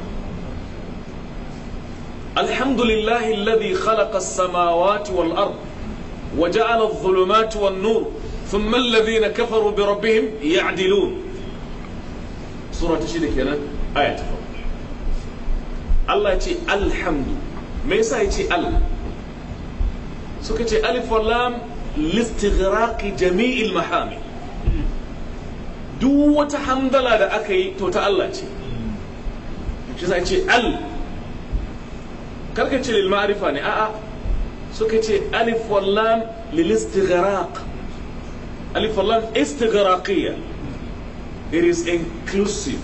Speaker 2: alhamdulillahi alladhi khalaqa as-samawati wal ard wa ja'ala adh-dhulumati wan nur thumma alladhina kafaru bi rabbihim ya'dilun sura ta shida kenan aya ta Allah ya ce alhamdu me yasa ya ce al suka ce alif wal lam listighraqi jami'il mahami duk wata hamdala da akayi yi to ta Allah ce shi sai ce al karka ce lil ma'rifa ne a'a suka ce alif wal lam lil istighraq it is inclusive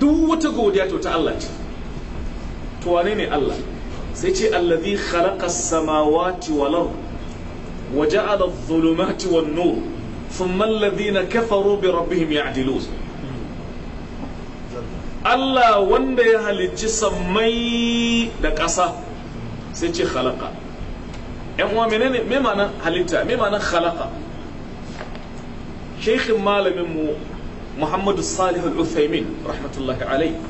Speaker 2: duk wata godiya to ta Allah ce to Allah sai ce allazi khalaqa samawati wal ard wa ja'ala adh-dhulumati wan nur thumma alladhina kafaru bi rabbihim ya'dilun Allah wanda ya halicci sammai da ƙasa sai ce khalaqa yan uwa menene me ma'ana halitta me ma'ana khalaqa shaykhin malamin mu Muhammadu Salihu Al-Uthaymin rahmatullahi alayhi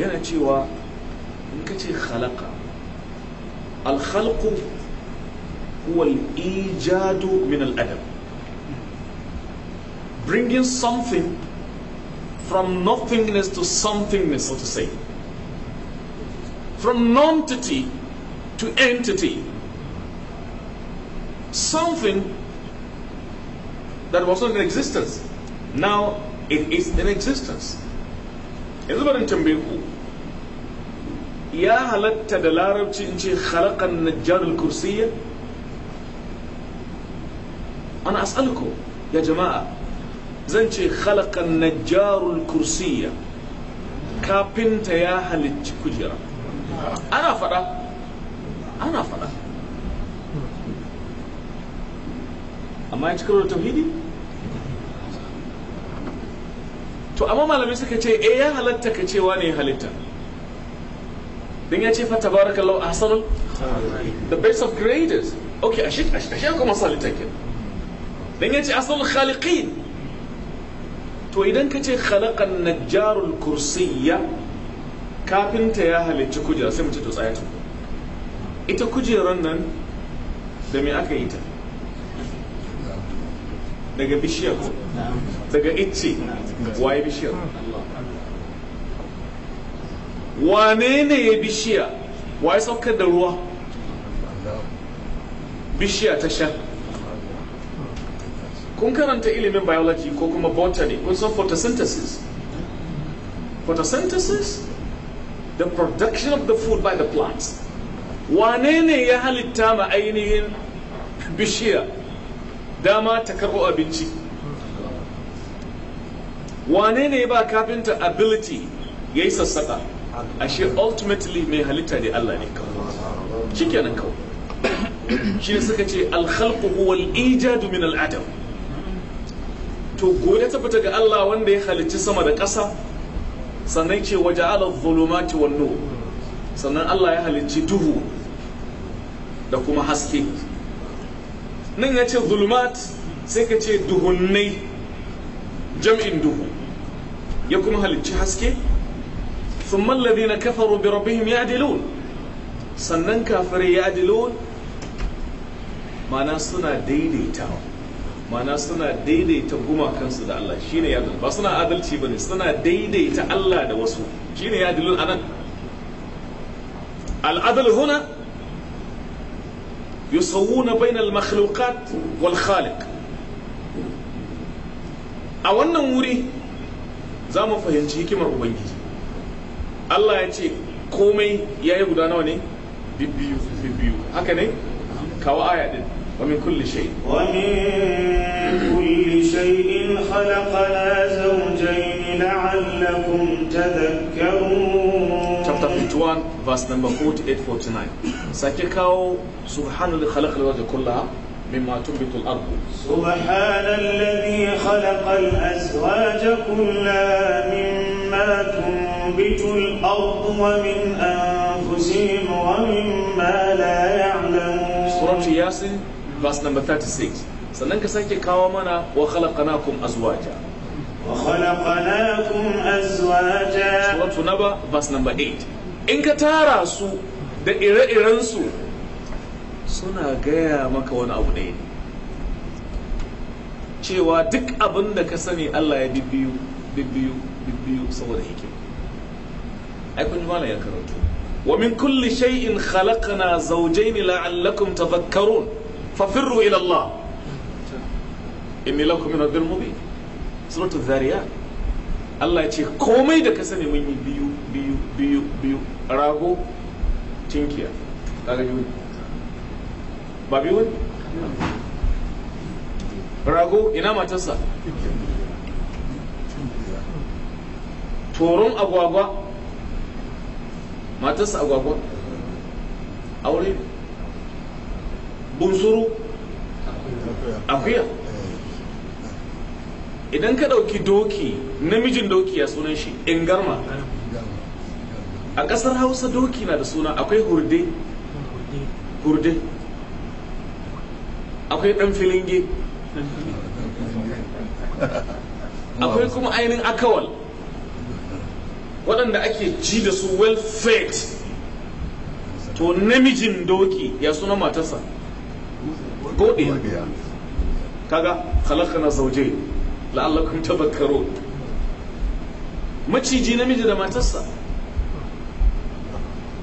Speaker 2: yana cewa in ka ce khalaqa alkhalqu huwa al-ijadu min al'adam bringing something from nothingness to somethingness so to say from nonentity to entity something that was not in existence now it is in existence yanzu barin tambaye ya halatta da larabci in ce khalaqan najjar al-kursiyya ana as'alukum ya jama'a zan ce khalaqan najjar al-kursiyya kafinta ya halicci kujera ana fada ana fada amma ya cikin da tauhidi to amma malamai suka ce eh ya halatta ka cewa ne halitta dan ya ce fa tabarakallahu ahsanul the best of creators okay ashe ashe kuma salita ke dan ya ce ahsanul khaliqin to idan ka ce khalaqan najjarul kursiyya kafinta ya halicci kujera sai mu ce to tsaya ita kujeran nan da me aka yi ta daga bishiyar daga icce waye bishiyar wane ne ya bishiya wa ya saukar da ruwa bishiya ta sha kun karanta ilimin biology ko kuma botany kun san photosynthesis photosynthesis the production of the food by the plants wane ne ya halitta ma ainihin bishiya dama ta karɓo abinci wane ne ya ba kafinta ability ya yi sassaƙa ashe ultimately mai halitta ne Allah ne kawai shikenan kawai shi ne suka ce alkhalqu huwa al min al to gobe ta fita ga Allah wanda ya halicci sama da ƙasa sannan ce waje ala zulumati wan sannan Allah ya halicci duhu da kuma haske nan ya ce zulumat sai ka ce duhunnai jam'in duhu ya kuma halicci haske ثم الذين كفروا بربهم يعدلون sannan kafirai ya adilon mana suna daidaitawa mana suna daidaita gumakansu da Allah shine ya ba suna adalci ba ne suna daidaita Allah da wasu shine ya adilon anan al'adal huna yusawuna bainal makhluqat wal khaliq a wannan wuri za mu fahimci hikimar ubangiji Allah ya ce komai ya yi guda nawa ne bibbiyu bibbiyu haka ne kawo aya din wa min kulli in wa min kulli shay'in na zawjayn la'allakum tadhakkarun chapter 51 verse number 48 49 sake kawo subhanal khalaqal wajha kullaha مما تنبت الأرض سبحان
Speaker 1: الذي خلق الأزواج كلها مما ما تنبت الأرض ومن أنفسهم ومما لا يعلمون
Speaker 2: سورة ياسين verse number 36 sannan ka sake kawo mana wa khalaqnakum azwaja wa azwaja suratu naba verse number 8 in ka tara su da ire-iren su suna gaya maka wani abu ne cewa duk abin da ka sani Allah ya bibbiyu bibbiyu bibbiyu saboda hikima ai kun ji ya karatu wa min kulli shay'in khalaqna zawjayn la'allakum tadhakkarun fafirru ila Allah inni lakum min rabbil mubin suratul Allah ya ce komai da ka sani mun yi biyu biyu biyu biyu rago tinkiya kaga ba biyu rago ina matarsa toron agwagwa matarsa agwagwa aure bunsuru akuya idan ka ɗauki doki namijin doki ya sunan shi ingarma a ƙasar hausa doki na da suna akwai hurde hurde akwai ɗan filinge akwai kuma ainihin akawal waɗanda ake ji da su well fed to namijin doki ya suna matarsa godiya kaga halakka na sauje la'allakun tabakkaro maciji namiji da matarsa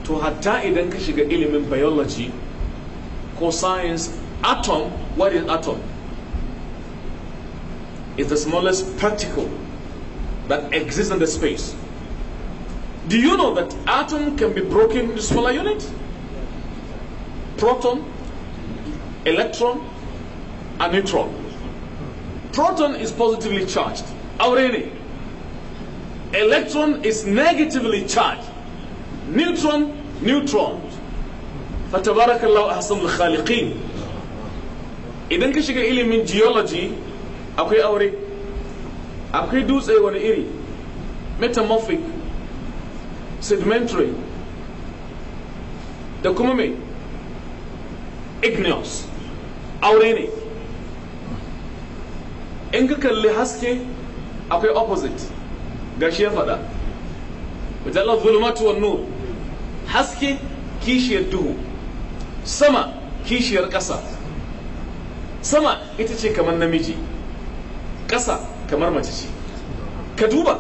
Speaker 2: to hatta idan ka shiga ilimin biology ko science atom what is atom is the smallest particle that exists in the space Do you know that atom can be broken into smaller units? Proton, electron, and neutron. Proton is positively charged. Already. Electron is negatively charged. Neutron, neutron. Fatabarakallahu ahsanul khaliqin. Idan ka shiga ilimin geology akwai aure. Akwai dutse wani iri. Metamorphic sedimentary da kuma mai igneous aure ne in ka kalli haske akwai opposite ga shi ya faɗa mujallar zulmatu wa nur haske kishiyar duhu sama kishiyar ƙasa sama ita ce kamar namiji ƙasa kamar mace ce ka duba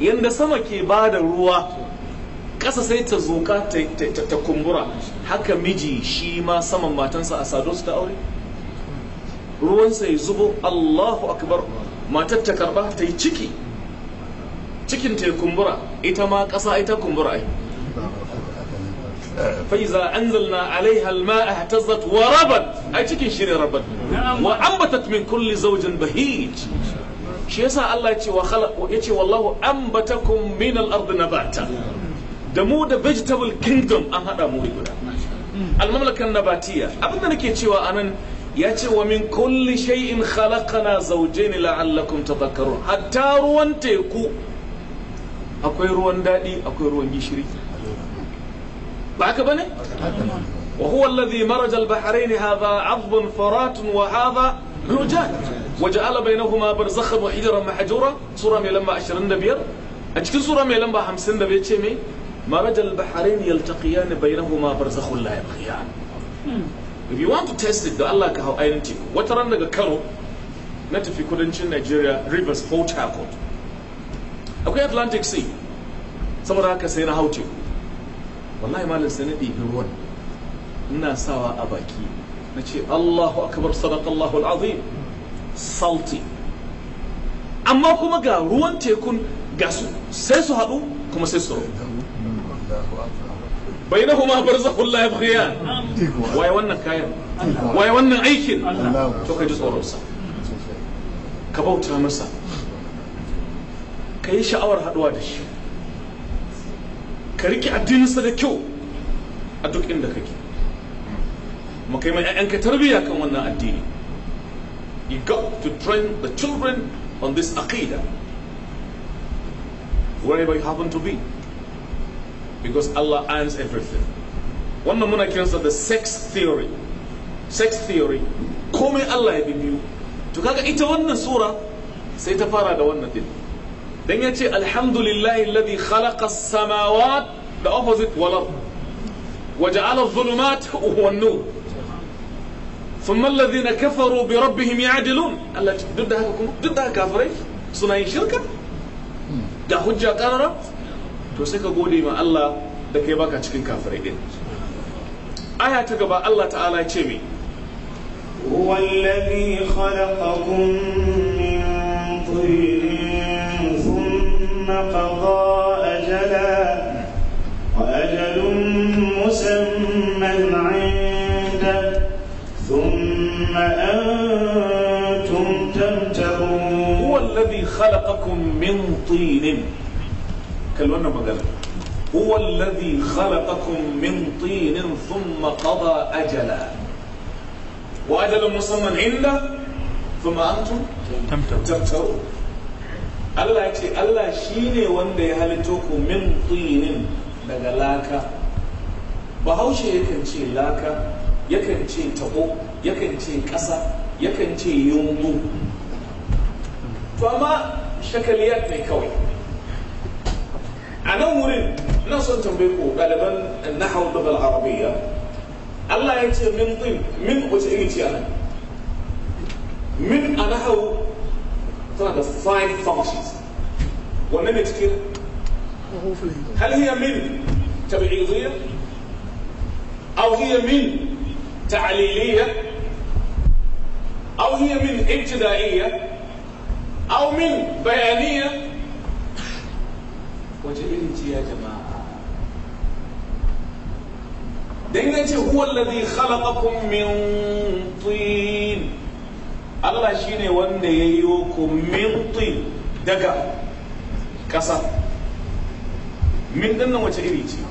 Speaker 2: yadda sama ke ba da ruwa ƙasa sai ta zuƙa ta kumbura haka miji shi ma saman matansa a sado su ta aure ruwansa ya zubo allahu akbar matar ta karba ta yi ciki cikin ta kumbura ita ma ƙasa ita kumbura ai فإذا أنزلنا عليها الماء اهتزت وربت أي cikin shine rabat wa ambatat min kulli zaujin bahij shi yasa Allah yace wa khalaq yace wallahu ambatakum min al-ard nabata da mu da vegetable kingdom an hada mu guda almamlakan nabatiya abinda nake cewa anan ya ce wa min kulli shay'in khalaqana zawjayn la'allakum tadhakkarun hatta ruwan teku akwai ruwan dadi akwai ruwan gishiri ba haka bane wa huwa alladhi maraja al-bahrayn hadha 'adbun faratun wa hadha rujat waja'ala bainahuma barzakhan wa hijran mahjura sura mai lamba 25 a cikin sura mai lamba 50 da bai ce me مرج البحرين يلتقيان بينهما برزخ لا يبغيان hmm. if you want to test it da Allah ka hau ainihin teku wata ran daga Kano na tafi kudancin Nigeria rivers Port Harcourt akwai Atlantic Sea saboda haka sai na hau teku wallahi malam sai na ɗibi ruwan ina sawa a baki na ce Allahu akbar sadaqallahu alazim salty amma kuma ga ruwan tekun ga su sai su haɗu kuma sai su rabu bainahuma barzakhun la yabghiyan waye wannan kayan waye wannan aikin to kai ji tsoron sa ka bauta masa ka sha'awar haduwa da shi ka rike addininsa da kyau a duk inda kake makai mai ƴaƴanka tarbiyya kan wannan addini you got to train the children on this aqidah wherever you happen to be because Allah earns everything wannan muna kiransa the sex theory sex theory komai Allah ya bibiyu to kaga ita wannan sura sai ta fara da wannan din dan ce, alhamdulillahi alladhi khalaqa as-samawat the opposite wal ard ja'ala adh-dhulumat wan-nur thumma alladhina kafaru bi rabbihim ya'dilun Allah duk da haka kuma duk da haka kafirai suna yin shirka da hujja qarara to sai ka gode ma Allah da kai baka cikin kafirai din aya ta gaba Allah ta'ala ce me هو
Speaker 1: الذي خلقكم من طين ثم قضى أجلا وأجل مسمى
Speaker 4: عنده ثم أنتم تمترون هو الذي
Speaker 2: خلقكم من طين kalli wannan magana huwa alladhi khalaqakum min tinin thumma qada ajala wa ajalun musamman inda thumma antum Allah ce Allah ne wanda ya halitto ku min tinin daga laka bahaushe yakan ce laka yakan ce taɓo yakan ce ƙasa yakan ce yungu to amma ne kawai أنا أقول لك أن أنا صرت بيكو غالبا نحو اللغة العربية الله يأتي من طيب من أتئلتي أنا من أنا هو تنادى five functions ومن يتكير هل هي من تبعيضية أو هي من أن أو هي من ابتدائية أو أن بيانية wace irin ce ya jama'a
Speaker 3: dan ya ce huwa
Speaker 2: allazi khalaqakum min tin Allah shine wanda ya yi ku min tin daga ƙasa min din nan wace iri ce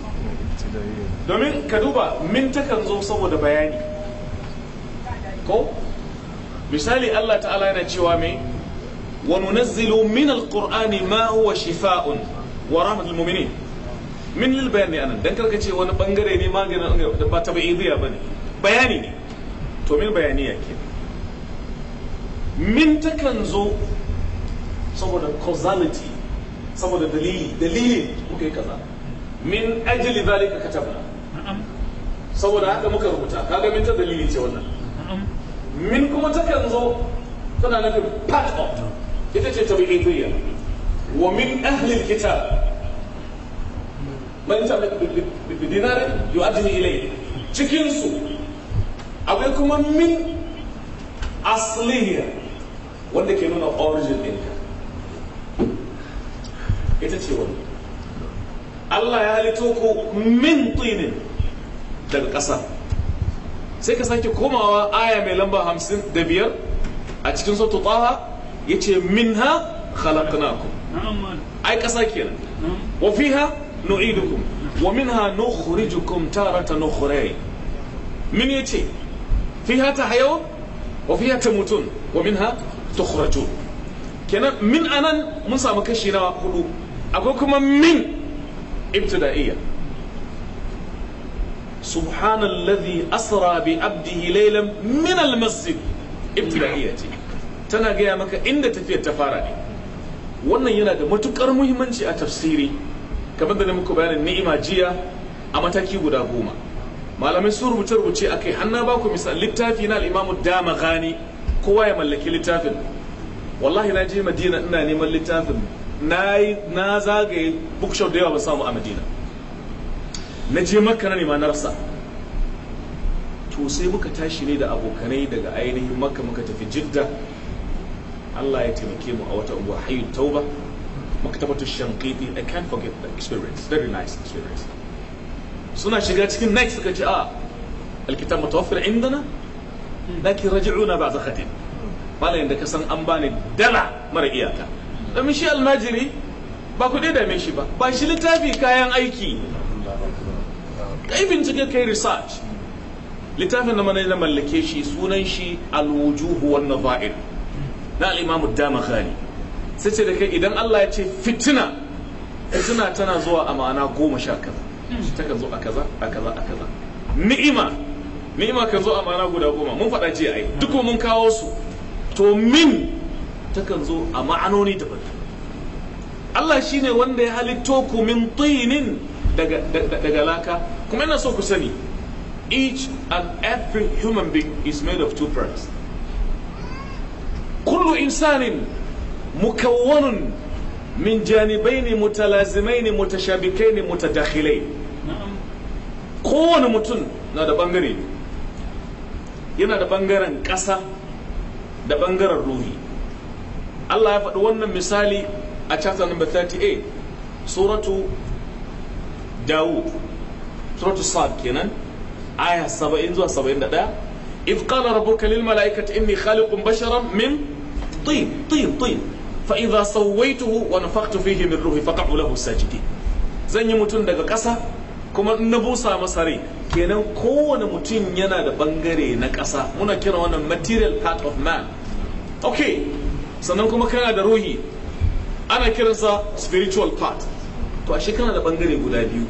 Speaker 2: domin ka duba min takan zo saboda bayani ko misali Allah ta'ala yana cewa mai wa nunazzilu min alqur'ani ma huwa shifa'un. wa rahmatul mu'minin min lil bayani anan dan karka ce wani bangare ne maganin da ba ta baidiya bane bayani ne to min bayani yake min kan zo saboda causality saboda dalili dalilin muka yi kaza min ajli zalika katabna saboda haka muka rubuta kaga min ta dalili ce wannan min kuma kan zo tana nufin part of ita ce tabi'idiyya ومن أهل الكتاب من يتعلق بدينار يؤدي إليه cikinsu akwai kuma min asliya wanda ke nuna origin ɗinka ita ce wani Allah ya halitto ku min tinin daga ƙasa sai ka sake komawa aya mai lamba hamsin da biyar a cikin sautu taha ya ce ai ƙasa kenan wa fiha nu'idukum wa minha nukhrijukum taratan ukhra min yace fiha tahyawun wa fiha tamutun wa minha tukhrajun kenan min anan mun samu kashi na hudu akwai kuma min ibtida'iyya سبحان الذي أسرى بعبده ليلا من المسجد ابتدائية تنا جاء مكة إن تفيت تفارني wannan yana da matukar muhimmanci a tafsiri kamar da muku bayanin ni'ima jiya a mataki guda goma malamai sun rubuce rubuce akai har na baku misal littafi na al'imamu dama gani kowa ya mallaki littafin wallahi na je madina ina neman littafin na zagaye bookshop da yawa ba samu a madina na je makka na nema to sai muka tashi ne da abokanai daga ainihin makka muka tafi jidda Allah ya taimake mu a wata unguwa hayu tauba maktabatu kifi I can't forget that experience very nice experience suna shiga cikin night suka ce a ah, alkitab mutawaffir indana lakin raji'una ba'da khatin malayin da ka san an bani dala mara iyaka domin shi almajiri ba kuɗi dame shi ba ba shi littafi kayan aiki kai bincike kai research littafin da mana mallake shi sunan shi alwujuhu wan nadha'ir na al'imamu dama khali sai ce da kai idan Allah ya ce fitina fitina tana zuwa a ma'ana goma sha kaza ta zo a kaza a kaza a kaza ni'ima ni'ima kan zo a ma'ana guda goma mun faɗa jiya ai duk mun kawo su to min ta kan zo a ma'anoni daban Allah shi ne wanda ya halitto ku min tinin daga daga laka kuma ina so ku sani each and every human being is made of two parts كل إنسان مكون من جانبين متلازمين متشابكين متداخلين kowane mutum na da bangare yana da bangaren ƙasa da bangaren ruhi Allah ya faɗi wannan misali a chapter number 38 suratu Dawud suratu Sad kenan aya 70 zuwa 71 إذ قال ربك للملائكة إني خالق بشرا من طيب طيب طيب فإذا سويته ونفخت فيه من روحي فقعوا له ساجدين zan yi mutum daga ƙasa kuma in na busa masa rai kenan kowane mutum yana da bangare na ƙasa muna kiran wannan material part of man ok sannan kuma kana da ruhi ana kiransa spiritual part to ashe kana da bangare guda biyu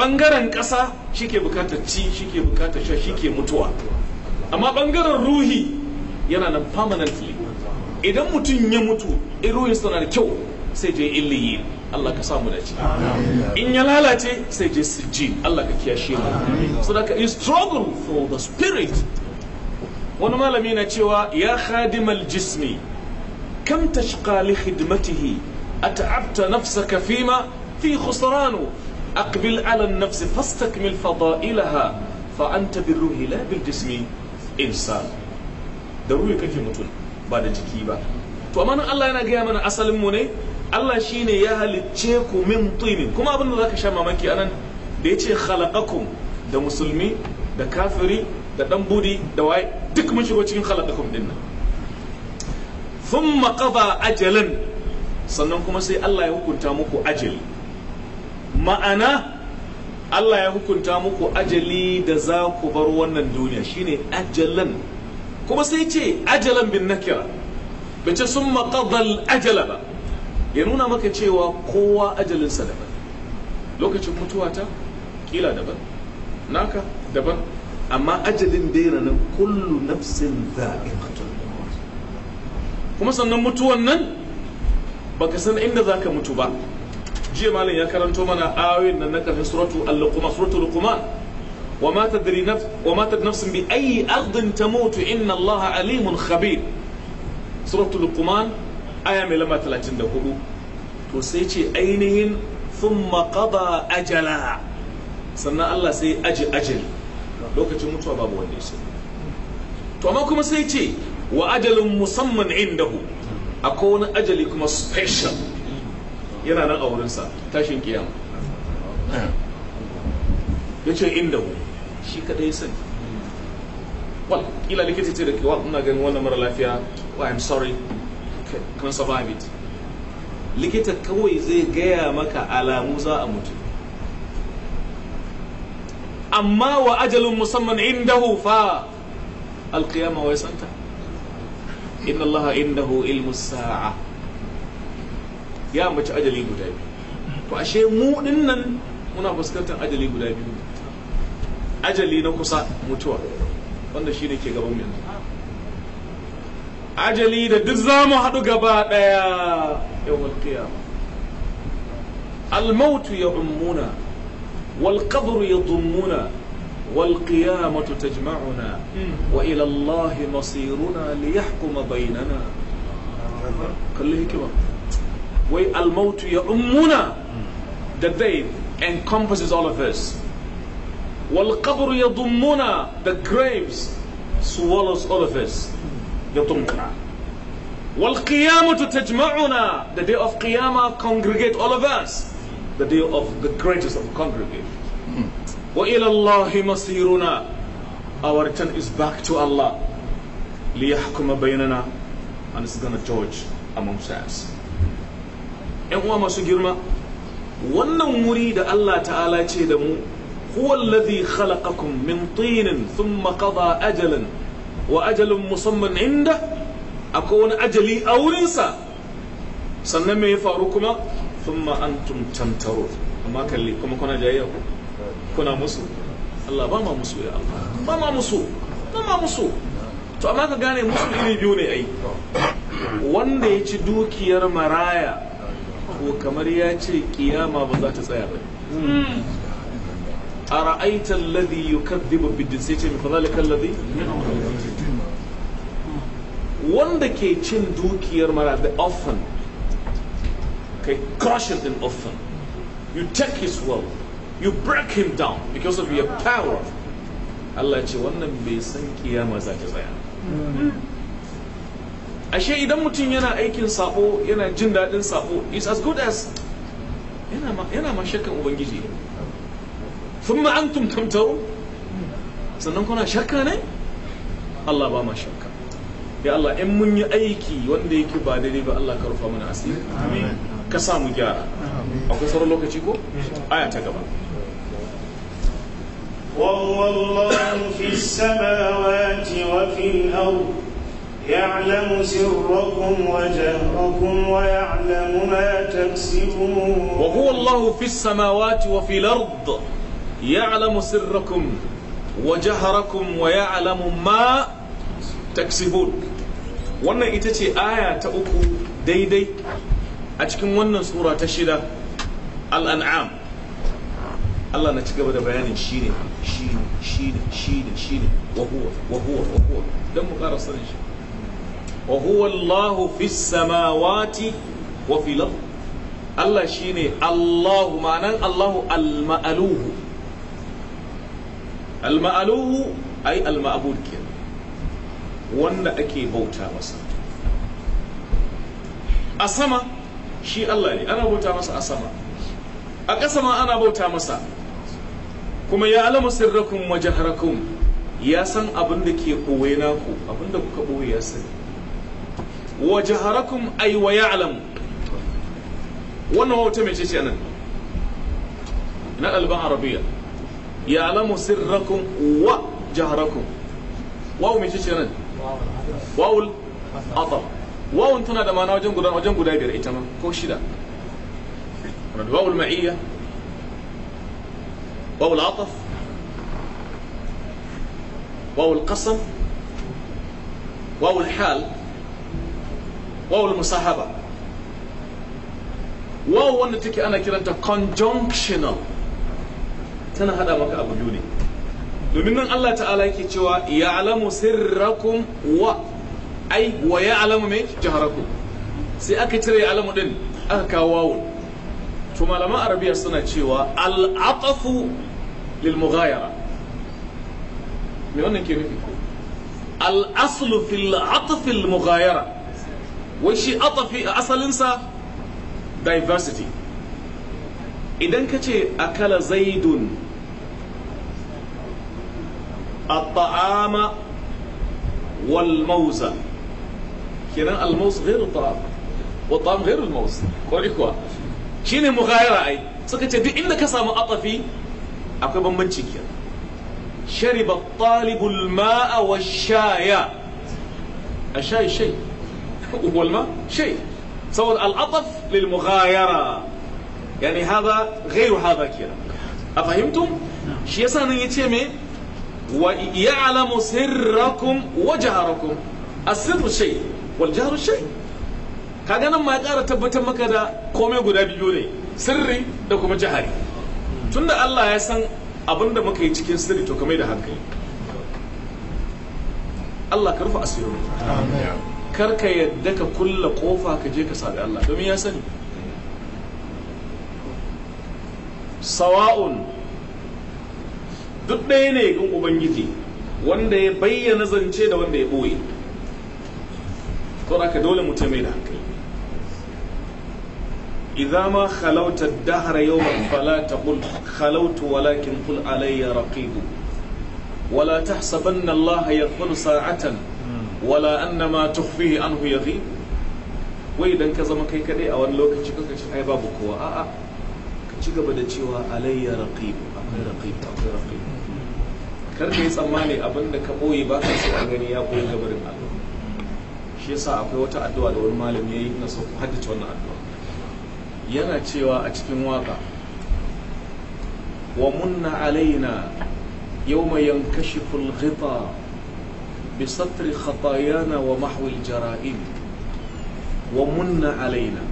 Speaker 2: bangaren ƙasa shike bukatar ci shike bukatar sha shike mutuwa amma bangaren ruhi yana nan permanently idan mutum ya mutu iroyinsa na da kyau sai je illiyi Allah ka samu da ci in ya lalace sai je sijji Allah ka kiyashe mu so da you struggle for the spirit wani malami na cewa ya khadimal jismi kam tashqa li khidmatihi at'abta nafsaka fima fi khusranu fastakmil على النفس فاستكمل فضائلها فأنت بالروح لا بالجسم إنسان da ruhi kake mutum ba da jiki ba to amma nan Allah yana gaya mana asalin mu ne Allah shine ya halicce ku min tinin kuma abin da zaka sha mamaki anan da yace khalaqakum da musulmi da kafiri da dan budi da waye duk mun shigo cikin khalaqakum din nan thumma qada ajalan sannan kuma sai Allah ya hukunta muku ajali ma'ana Allah ya hukunta muku ajali da za ku bar wannan duniya shine ajalan kuma sai ce ajalan bin nakira bai ce sun maƙadal ajala ba ya nuna maka cewa kowa ajalinsa daban lokacin mutuwata kila daban naka daban amma ajalin daina na kullu nafsin za'iqatul kuma sannan mutuwan nan baka san inda zaka mutu ba jiya malam ya karanto mana ayoyin nan na karshen suratu al-luqman suratul luqman وما تدري نفس وما تدري نفس بأي أرض تموت إن الله عليم خبير سورة لقمان آية من لما تلاتين دهولو تسيتي أينهن ثم قضى أجلا سنة الله سي أجل أجل لو كتموت وباب ونيسي توما كما سيتي وأجل مسمى عنده أكون أجلي كما سبيشال ينا نغورنسا تاشين قيام يتشي عنده shi kadai
Speaker 4: sani
Speaker 2: well ila likita ce da ke well ina ganin wannan mara lafiya well oh, i'm sorry can survive it likita kawai zai gaya maka alamu za a mutu amma wa ajalin musamman indahu fa alkiyama wai santa inna Allah indahu ilmu sa'a ya mace ajali guda biyu to ashe mu dinnan muna fuskantar ajali guda biyu ajali na kusa mutuwa wanda ne ke gaban mu yanzu ajali da duk za mu haɗu gaba ɗaya yawon kiyama almautu ya ummuna والقبر يضمنا والقيامة تجمعنا وإلى الله مصيرنا ليحكم بيننا كله Wai وي ya ummuna. the day encompasses all of us وَالْقَبْرُ يَضُمُّنَا The graves swallows all of us. يَضُمُّنَا وَالْقِيَامَةُ تَجْمَعُنَا The day of Qiyamah congregate all of us. The day of the greatest of congregate. وَإِلَى اللَّهِ مَصِيرُنَا Our return is back to Allah. لِيَحْكُمَ بَيْنَنَا And it's gonna judge amongst us. ‘Yan uwa masu girma, wannan wuri da Allah ta'ala ce da mu هو الذي خلقكم من طين ثم قضى أجلا وأجل مصمم عنده أكون أجلي أورنسا سنما يفاركما ثم أنتم تمترون أما كلي كما كنا جايه كنا مسو الله بما مسو يا الله بما مسو بما مسو to amma ka gane musu iri biyu ne ai wanda ya ci dukiyar maraya ko kamar ya ce kiyama ba za ta tsaya ba أرأيت الذي يكذب بالجنسية فذلك الذي wanda ke cin dukiyar mara da often kai crush him in often you take his wealth you break him down because of your power Allah ce wannan bai san kiyama za ta tsaya ashe idan mutum yana aikin sabo yana jin daɗin sabo is as good as yana ma shakkan ubangiji thumma antum tamtarun sannan kuna shakka ne Allah ba ma shakka ya Allah in mun yi aiki wanda yake ba daidai ba Allah ka rufa mana asiri ka sa mu gyara akwai sauran lokaci ko aya ta gaba
Speaker 1: وهو الله في السماوات وفي الأرض يعلم سركم وجهركم
Speaker 2: ويعلم ما تكسبون وهو الله في السماوات وفي الأرض يعلم سركم وجهركم ويعلم ما تكسبون wannan ita ce aya ta uku daidai a cikin wannan sura ta shida al'an'am Allah na ci gaba da bayanin shi ne shi ne shi ne shi ne shi ne wahuwa wahuwa wahuwa don mu ƙara sanin shi wahuwa Allahu fi samawati wa filar Allah shi ne Allahu ma'anan Allahu al-ma'aluhu Alma'aluhu maaluhu ai al-ma'bud wanda ake bauta masa a sama shi Allah ne ana bauta masa a sama a ƙasa ma ana bauta masa kuma ya alama sirrakum wa jaharakum ya san abin da ke ɓoye naku abin da kuka ɓoye ya sani wa jaharakum ai wa ya'lam wannan wata mai ce nan na ɗalban arabiya يعلم سركم وجهركم واو ميجي شنن واو الاطر واو انتنا دما وجن غدان وجن غداي بير ايتما كو شيدا واو المعيه واو العطف واو القسم واو الحال واو المصاحبه واو ونتكي انا كده conjunctional tana hada maka abu biyu ne domin nan Allah ta'ala yake cewa ya'lamu sirrakum wa ai wa ya ya'lamu me jaharakum sai aka cire ya ya'lamu din aka kawo wawun to malaman arabiya suna cewa al-aqafu lil mughayara me wannan ke nufi al-aslu fil atf al mughayara wai shi atafi asalinsa diversity idan ka ce akala zaidun الطعام والموز كنا الموز غير الطعام والطعام غير الموز قولكوا شنو مغايرة أي سكت دي إنك سام أطفي أكو بمبنشي كنا شرب الطالب الماء والشاي الشاي شيء والماء شيء صور الأطف للمغايرة يعني هذا غير هذا كنا أفهمتم؟ شيء يسألني يتيمين wa ya'lamu sirrakum wa jaharakum as-sirru shay wal jahru shay kaga nan ma ya ƙara tabbatar maka da komai guda biyu ne sirri da kuma jihari tunda Allah ya san abin da muka yi cikin sirri to kamar da hankali Allah ka rufe asirin kar ka yadda ka kulla kofa ka je ka sabi Allah domin ya sani sawa'un duk ɗaya ne gun ubangiji wanda ya bayyana zance da wanda ya ɓoye to aka dole mutum mai da hankali idza ma khalawta ad-dahra yawman fala taqul khalawtu walakin qul alayya raqib ولا تحسبن الله يغفل ساعة ولا أن ما تخفيه عنه يغيب wai dan ka zama kai kadai a wani lokaci kuka ce ai babu kowa a'a ka ci gaba da cewa alayya raqib akwai raqib akwai raqib kar ka yi tsammani abin da ka boye ba ka so gani ya boye gabarin Allah shi yasa akwai wata addu'a da wani malami yayi ina so ku haddace wannan addu'a yana cewa a cikin waka wa munna alaina yawma yankashifu al-ghita bi satri khatayana wa mahwi al-jara'im wa munna alaina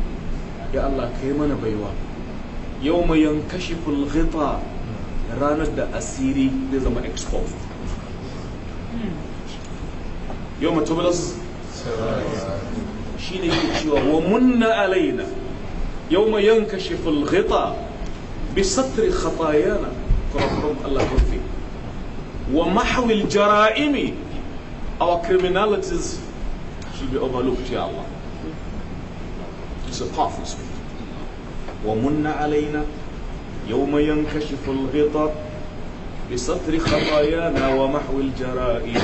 Speaker 2: ya Allah kai mana baiwa yawma yankashifu al-ghita ranar da asiri zai zama exposed yau matubulas shi ne ke cewa wa munna alaina yau ma yanka shifin ghita bi satri khatayana kurakurum Allah kurfi wa mahawil jara'imi our criminalities should be overlooked ya Allah it's a powerful spirit wa munna alaina يوم ينكشف الغطاء بستر خطايانا ومحو الجرائم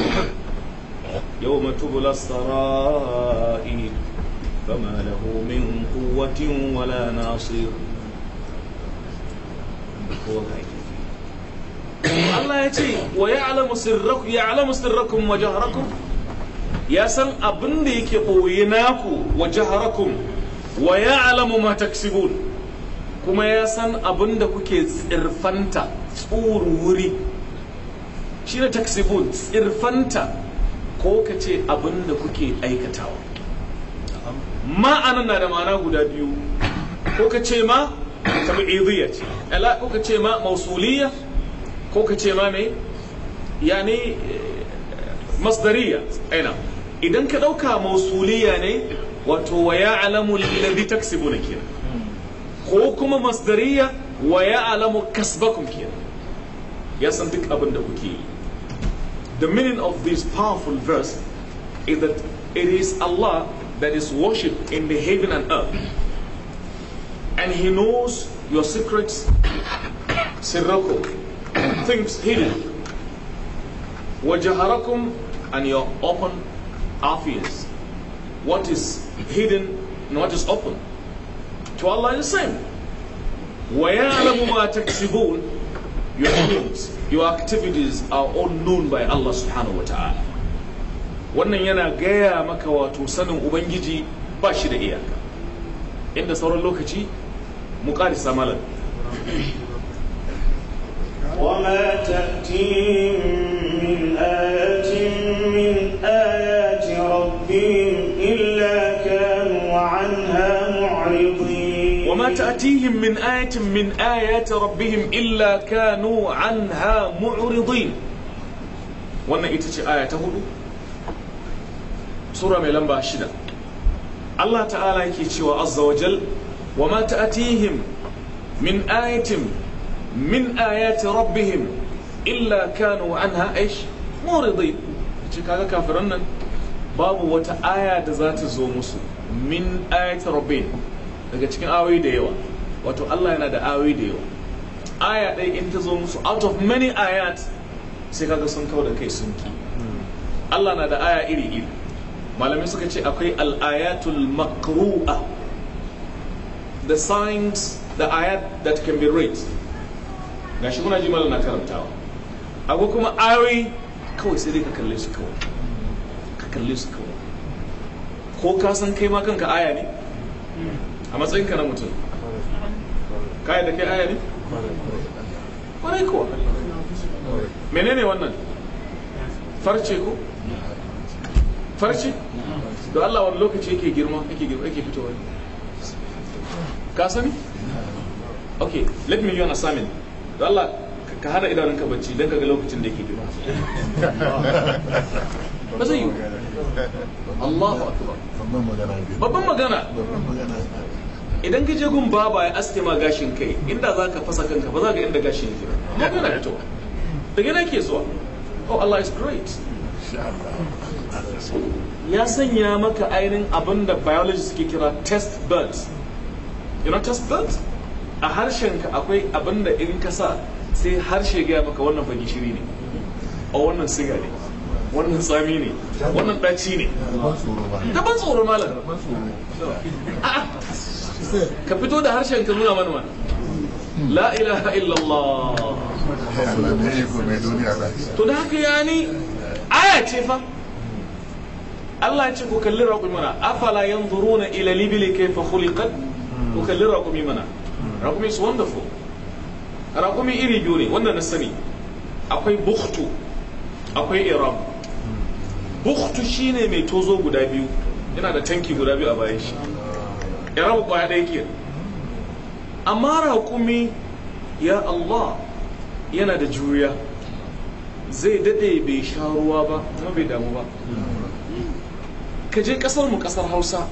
Speaker 2: يوم تبلى السرائر فما له من قوة ولا ناصر الله يجي ويعلم سركم يعلم سركم وجهركم يا سن أبنديك قويناكو وجهركم ويعلم ما تكسبون kuma ya san abin da kuke tsirfanta tsururi shi ne taksibun tsirfanta ko ka ce abin da kuke aikatawa ma'anan na da ma'ana guda biyu ko ka ce ma tabi'idiyya ce ala ko ka ce ma mausuliyya ko ka ce ma mai ne eh, masdariya aina idan ka dauka mausuliyya ne wato wa ya'lamu alladhi taksibuna kenan kuma مصدرية wa ya'lamu kasbakum يا ya أبن duk the meaning of this powerful verse is that it is Allah that is worshipped in the heaven and earth and he knows your secrets sirrakum things hidden wajaharakum and your open affairs what is hidden and what is open to Allah is the same وَيَعْلَمُ مَا تَكْسِبُونَ Your deeds, your activities are all known by Allah subhanahu wa ta'ala wannan yana gaya maka wato sanin ubangiji ba shi da iyaka inda sauran lokaci mu ƙarisa malam
Speaker 1: وما تأتيهم من آية من آيات
Speaker 2: تأتيهم من آية من آيات ربهم إلا كانوا عنها معرضين wannan ita ce aya ta hudu sura mai lamba shida Allah ta'ala yake cewa azza wa jal wa ma ta'atihim min ayatim min ayati rabbihim illa kanu anha aish muridi ce kaga kafiran nan babu wata aya da zata zo musu min ayati rabbihim daga cikin ayoyi da yawa wato Allah yana da ayoyi da yawa aya ɗaya in ta zo musu out of many ayat sai kaga sun kawo da kai sun ki Allah na da aya iri iri malamai suka ce akwai al-ayatul makru'a the signs the ayat that can be read shi kuna ji na karantawa akwai kuma ayoyi kawai sai dai ka kalle su kawai ka kalle su kawai ko ka san kai ma kanka aya ne a matsayin ka na mutum kayan da ke aya ne kwarai kuwa menene wannan farce ko farce da Allah wani lokaci yake girma yake girma yake fitowa ka sani ok let me yi an assignment da Allah ka hana idanun bacci don kaga lokacin da yake girma ba zai yi Allahu akbar babban magana babban magana idan ka je gun baba ya aske ma gashin kai inda za ka fasa kanka ba za ka inda gashin yake ba gana da fitowa daga yana ke zuwa oh Allah is great ya sanya maka ainihin abin da biology suke kira test birds you know test birds a harshen ka akwai abin da in ka sa sai harshe gaya maka wannan fa shiri ne a oh, wannan siga ne wannan tsami ne wannan ɗaci ne daban tsoro malam ka fito da harshen ka nuna mana mana la ilaha illallah to da haka yani aya ce fa Allah ya ce ku kalli raƙumi mana afala yanzuruna ila libili kayfa khuliqat ku kalli raƙumi mana raƙumi is wonderful raƙumi iri biyu ne wanda na sani akwai buktu akwai iram buktu shine mai tozo guda biyu yana da tanki guda biyu a bayan shi ya raba kwaya ɗaya amma raƙumi ya Allah yana da juriya zai daɗe bai sha ruwa ba kuma bai damu ba ka je ƙasar mu ƙasar hausa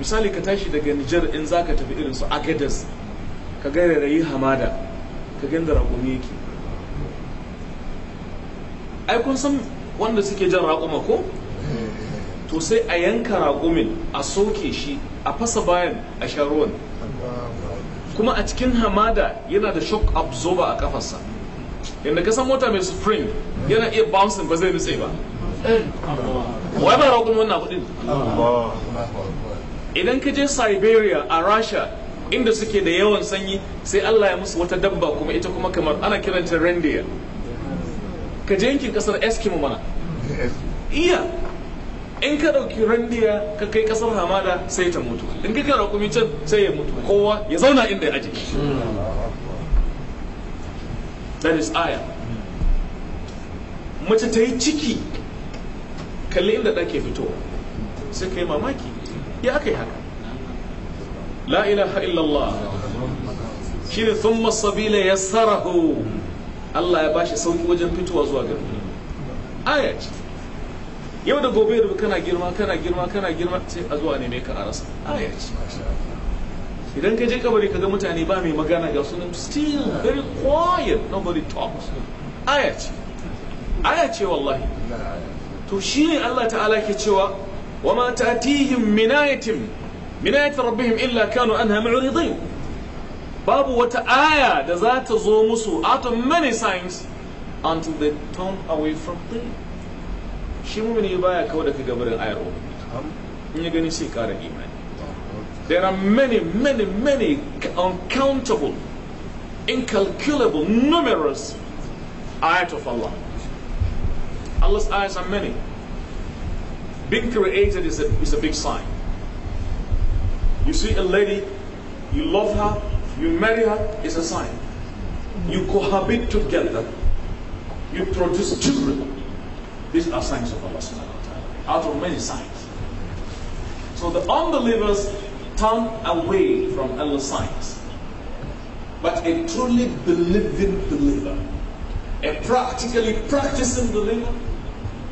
Speaker 2: misali ka tashi daga nijar in za ka tafi irin su agadas ka da rayi hamada ka ganda raƙumi yake ai kun san wanda suke jan raƙuma ko to sai a yanka ragumin a soke shi a fasa bayan a sharuwan kuma a cikin hamada yana da shock absorber a kafarsa yadda kasan mota mai spring yana iya bouncing ba zai nutse ba wai ba ragun wannan kudin idan ka je siberia a rasha inda suke da yawan sanyi sai allah ya musu wata dabba kuma ita kuma kamar ana kiranta reindeer ka je yankin kasar eskimo mana iya in ka ɗauki randiya ka kai ƙasar hamada sai ta mutu in ka kira kuma can sai ya mutu kowa ya zauna inda ya aje that is aya mace ta yi ciki kalli inda ke fito sai ka yi mamaki ya aka yi haka la ilaha illallah shi ne sun masabila ya sarahu Allah ya bashi sauki wajen fitowa zuwa gari aya ce yau da gobe da kana girma kana girma kana girma sai a zuwa neme ka a rasa aya ah, ce idan ka je kabari ka ga mutane ba mai magana ga sunan still very quiet nobody talks aya ah, ce aya ah, ce wallahi to shi ne Allah ta'ala ke cewa wa ma ta'tihim min ayatin min ayati rabbihim illa kanu anha mu'ridin babu wata aya da za ta zo musu out of many signs until they turn away from them shi mumini baya kawo ayar in ya gani sai imani there are many many many uncountable incalculable numerous ayat of Allah Allah's ayats are many being created is a, is a big sign you see a lady you love her you marry her is a sign you cohabit together you produce children these are signs of Allah subhanahu wa ta'ala, out of many signs. So the unbelievers turn away from Allah's signs. But a truly believing believer, a practically practicing believer,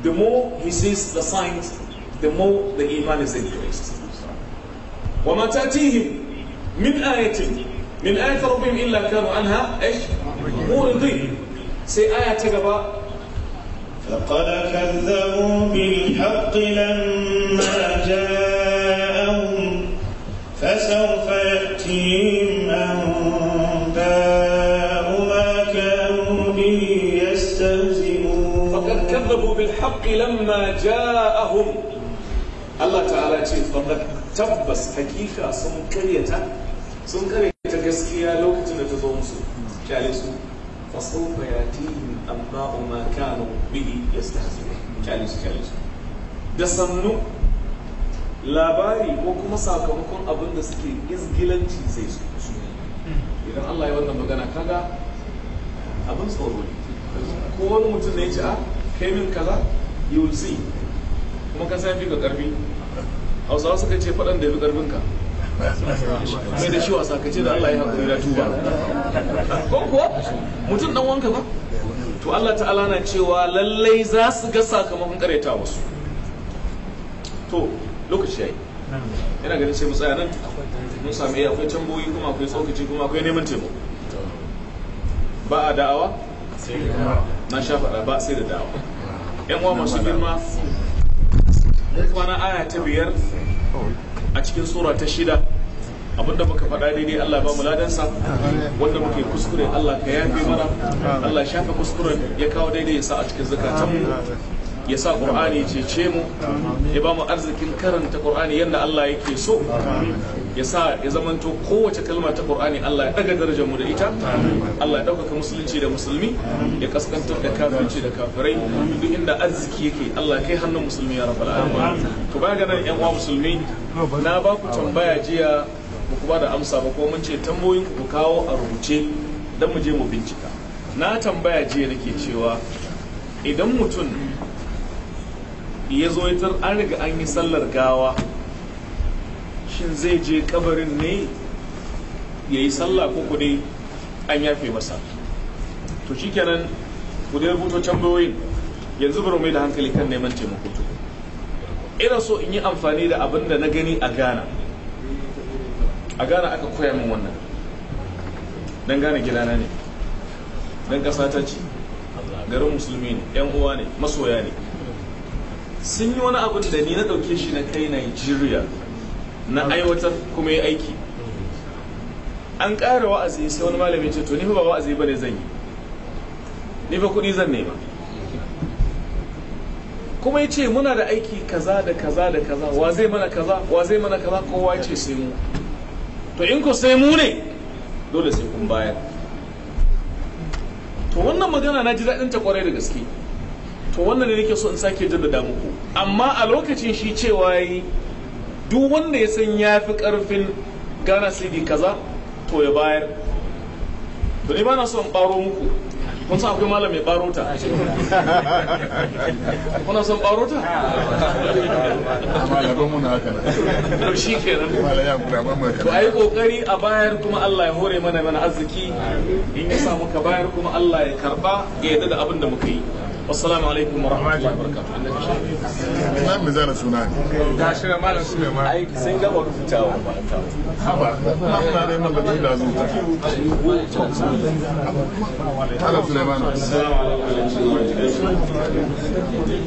Speaker 2: the more he sees the signs, the more the iman is increased. وما تأتيهم من آية من آية ربهم إلا كانوا عنها إيش؟ موردين. Say ayah تجبا فقد كذبوا
Speaker 1: بالحق لما جاءهم فسوف يأتيهم أنباء
Speaker 2: ما كانوا به يستهزئون فقد كذبوا بالحق لما جاءهم الله تعالى يقول فقد تبس حقيقة سنكرية سنكرية gaskiya لو كنت تظن zo فسوف ياتيهم أنباء ما كانوا به يستهزئون جالس جالس da sannu labari ko kuma sakamakon abin da suke isgilanci zai su idan Allah ya wannan magana kaga abin tsoro ne ko wani mutum zai ci a ah, kai min kaza you will see kuma ka sai fi ka karfi hausawa suka ce faɗan da ya fi karfin ka mai da shi wasa ka ce da Allah ya haƙuri na tuba ko kuwa mutum dan wanka ba to Allah ta'ala na cewa lallai za su ga sakamakon kareta wasu to lokaci yayi yana ganin sai mu tsaya nan mun sami akwai tamboyi kuma akwai tsokaci kuma akwai neman taimako ba a da'awa na sha faɗa ba sai da da'awa yan uwa masu girma mun kwana aya ta biyar a cikin sura ta shida abinda muka faɗa daidai Allah ba mu ladansa wanda muke kuskure Allah ka yafe mana Allah shafe kuskuren ya kawo daidai yasa sa a cikin zakatanmu ya sa ƙur'ani cece mu ya ba mu arzikin karanta ƙur'ani yadda Allah yake so ya sa ya zamanto kowace kalma ta ƙur'ani Allah ya ɗaga darajar mu da ita Allah ya ɗaukaka musulunci da musulmi ya kaskantar da kafirci da kafirai duk inda arziki yake Allah kai hannun musulmi ya rabbal alamin to baya ga yan uwa musulmi na ba ku tambaya jiya ba ku ba da amsa ba ko mun ce tambayoyin ku kawo a rubuce don mu je mu bincika na tambaya jiya nake cewa idan mutum ya zo yatar an riga an yi sallar gawa shin zai je kabarin ne ya yi sallah ko kudai an yafe masa to shikenan ku dai rubuto tambayoyin yanzu bari mai da hankali kan neman taimako irin so in yi amfani da abin da na gani a ghana a gane aka koya min wannan don gane gidana ne don ƙasa ta ce garin musulmi ne yan uwa ne masoya ne sun yi wani abin da ni na ɗauke shi na kai nigeria na aiwatar kuma ya aiki an ƙara wa'azi sai wani malamin ce to ni ba wa'azi ba ne zan yi ni ba kuɗi zan nema kuma ya ce muna da aiki kaza da kaza da kaza wa zai mana kaza wa zai mana kaza kowa ya ce sai mu to in ku sai mu ne dole sai kun bayar to wannan magana na ji daɗin ta kwarai da gaske to wannan ne nake so in sake jaddada muku amma a lokacin shi cewa yi duk wanda ya san ya fi ƙarfin gana cd kaza to ya bayar to ni ba na so in ɓaro muku kun san akwai malam mai barota kuna son barota to shi kenan to ayi kokari a bayar kuma Allah ya hore mana mana arziki in ya samu ka bayar kuma Allah ya karba ya yarda da abin da muka yi wassalamu alaikum wa rahmatullahi wa na mu zana suna ne ga shi malam Suleiman ai sun gaba rubutawa ba ta haba na dai mun da da zuta
Speaker 1: Hello Suleiman assalamu alaikum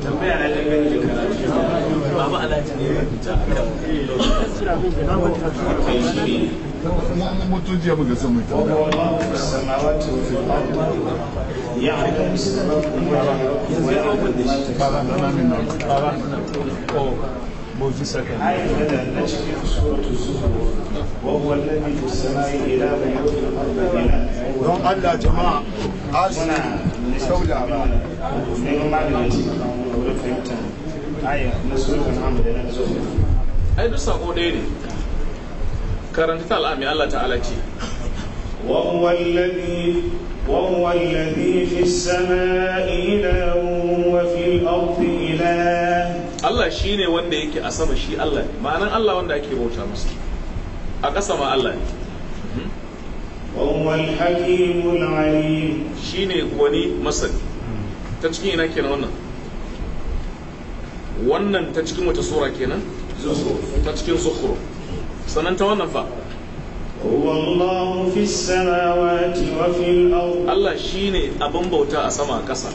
Speaker 1: tambaya na dangane da karatu baba Alhaji ne ya rubuta akan السماوات
Speaker 5: وفي الارض يعرف ويعرف
Speaker 2: موجود سكن عين هذا النجم في سورة الزهر
Speaker 1: وهو الذي في السماء إله وفي الأرض إله دون الله جماعة عاشنا سولة نعم معنى التي ورفعتها
Speaker 2: آية نسوة الحمد لله ai duk sako ɗaya ne karanta ta al'ami Allah ta'ala ce
Speaker 1: وهو الذي وهو الذي
Speaker 2: في السماء إله Allah shi ne wanda yake a sama shi Allah ne ma'anan Allah wanda ake bauta musu a ƙasa ma Allah ne mhm. wawon hakimul alim shi ne gwani masani ta cikin ina kenan wannan wannan ta cikin wata sura kenan ta cikin zukhru Sannan ta wannan fa huwa Allahu fi samawati wa fil ard Allah shine abin bauta a sama ƙasa.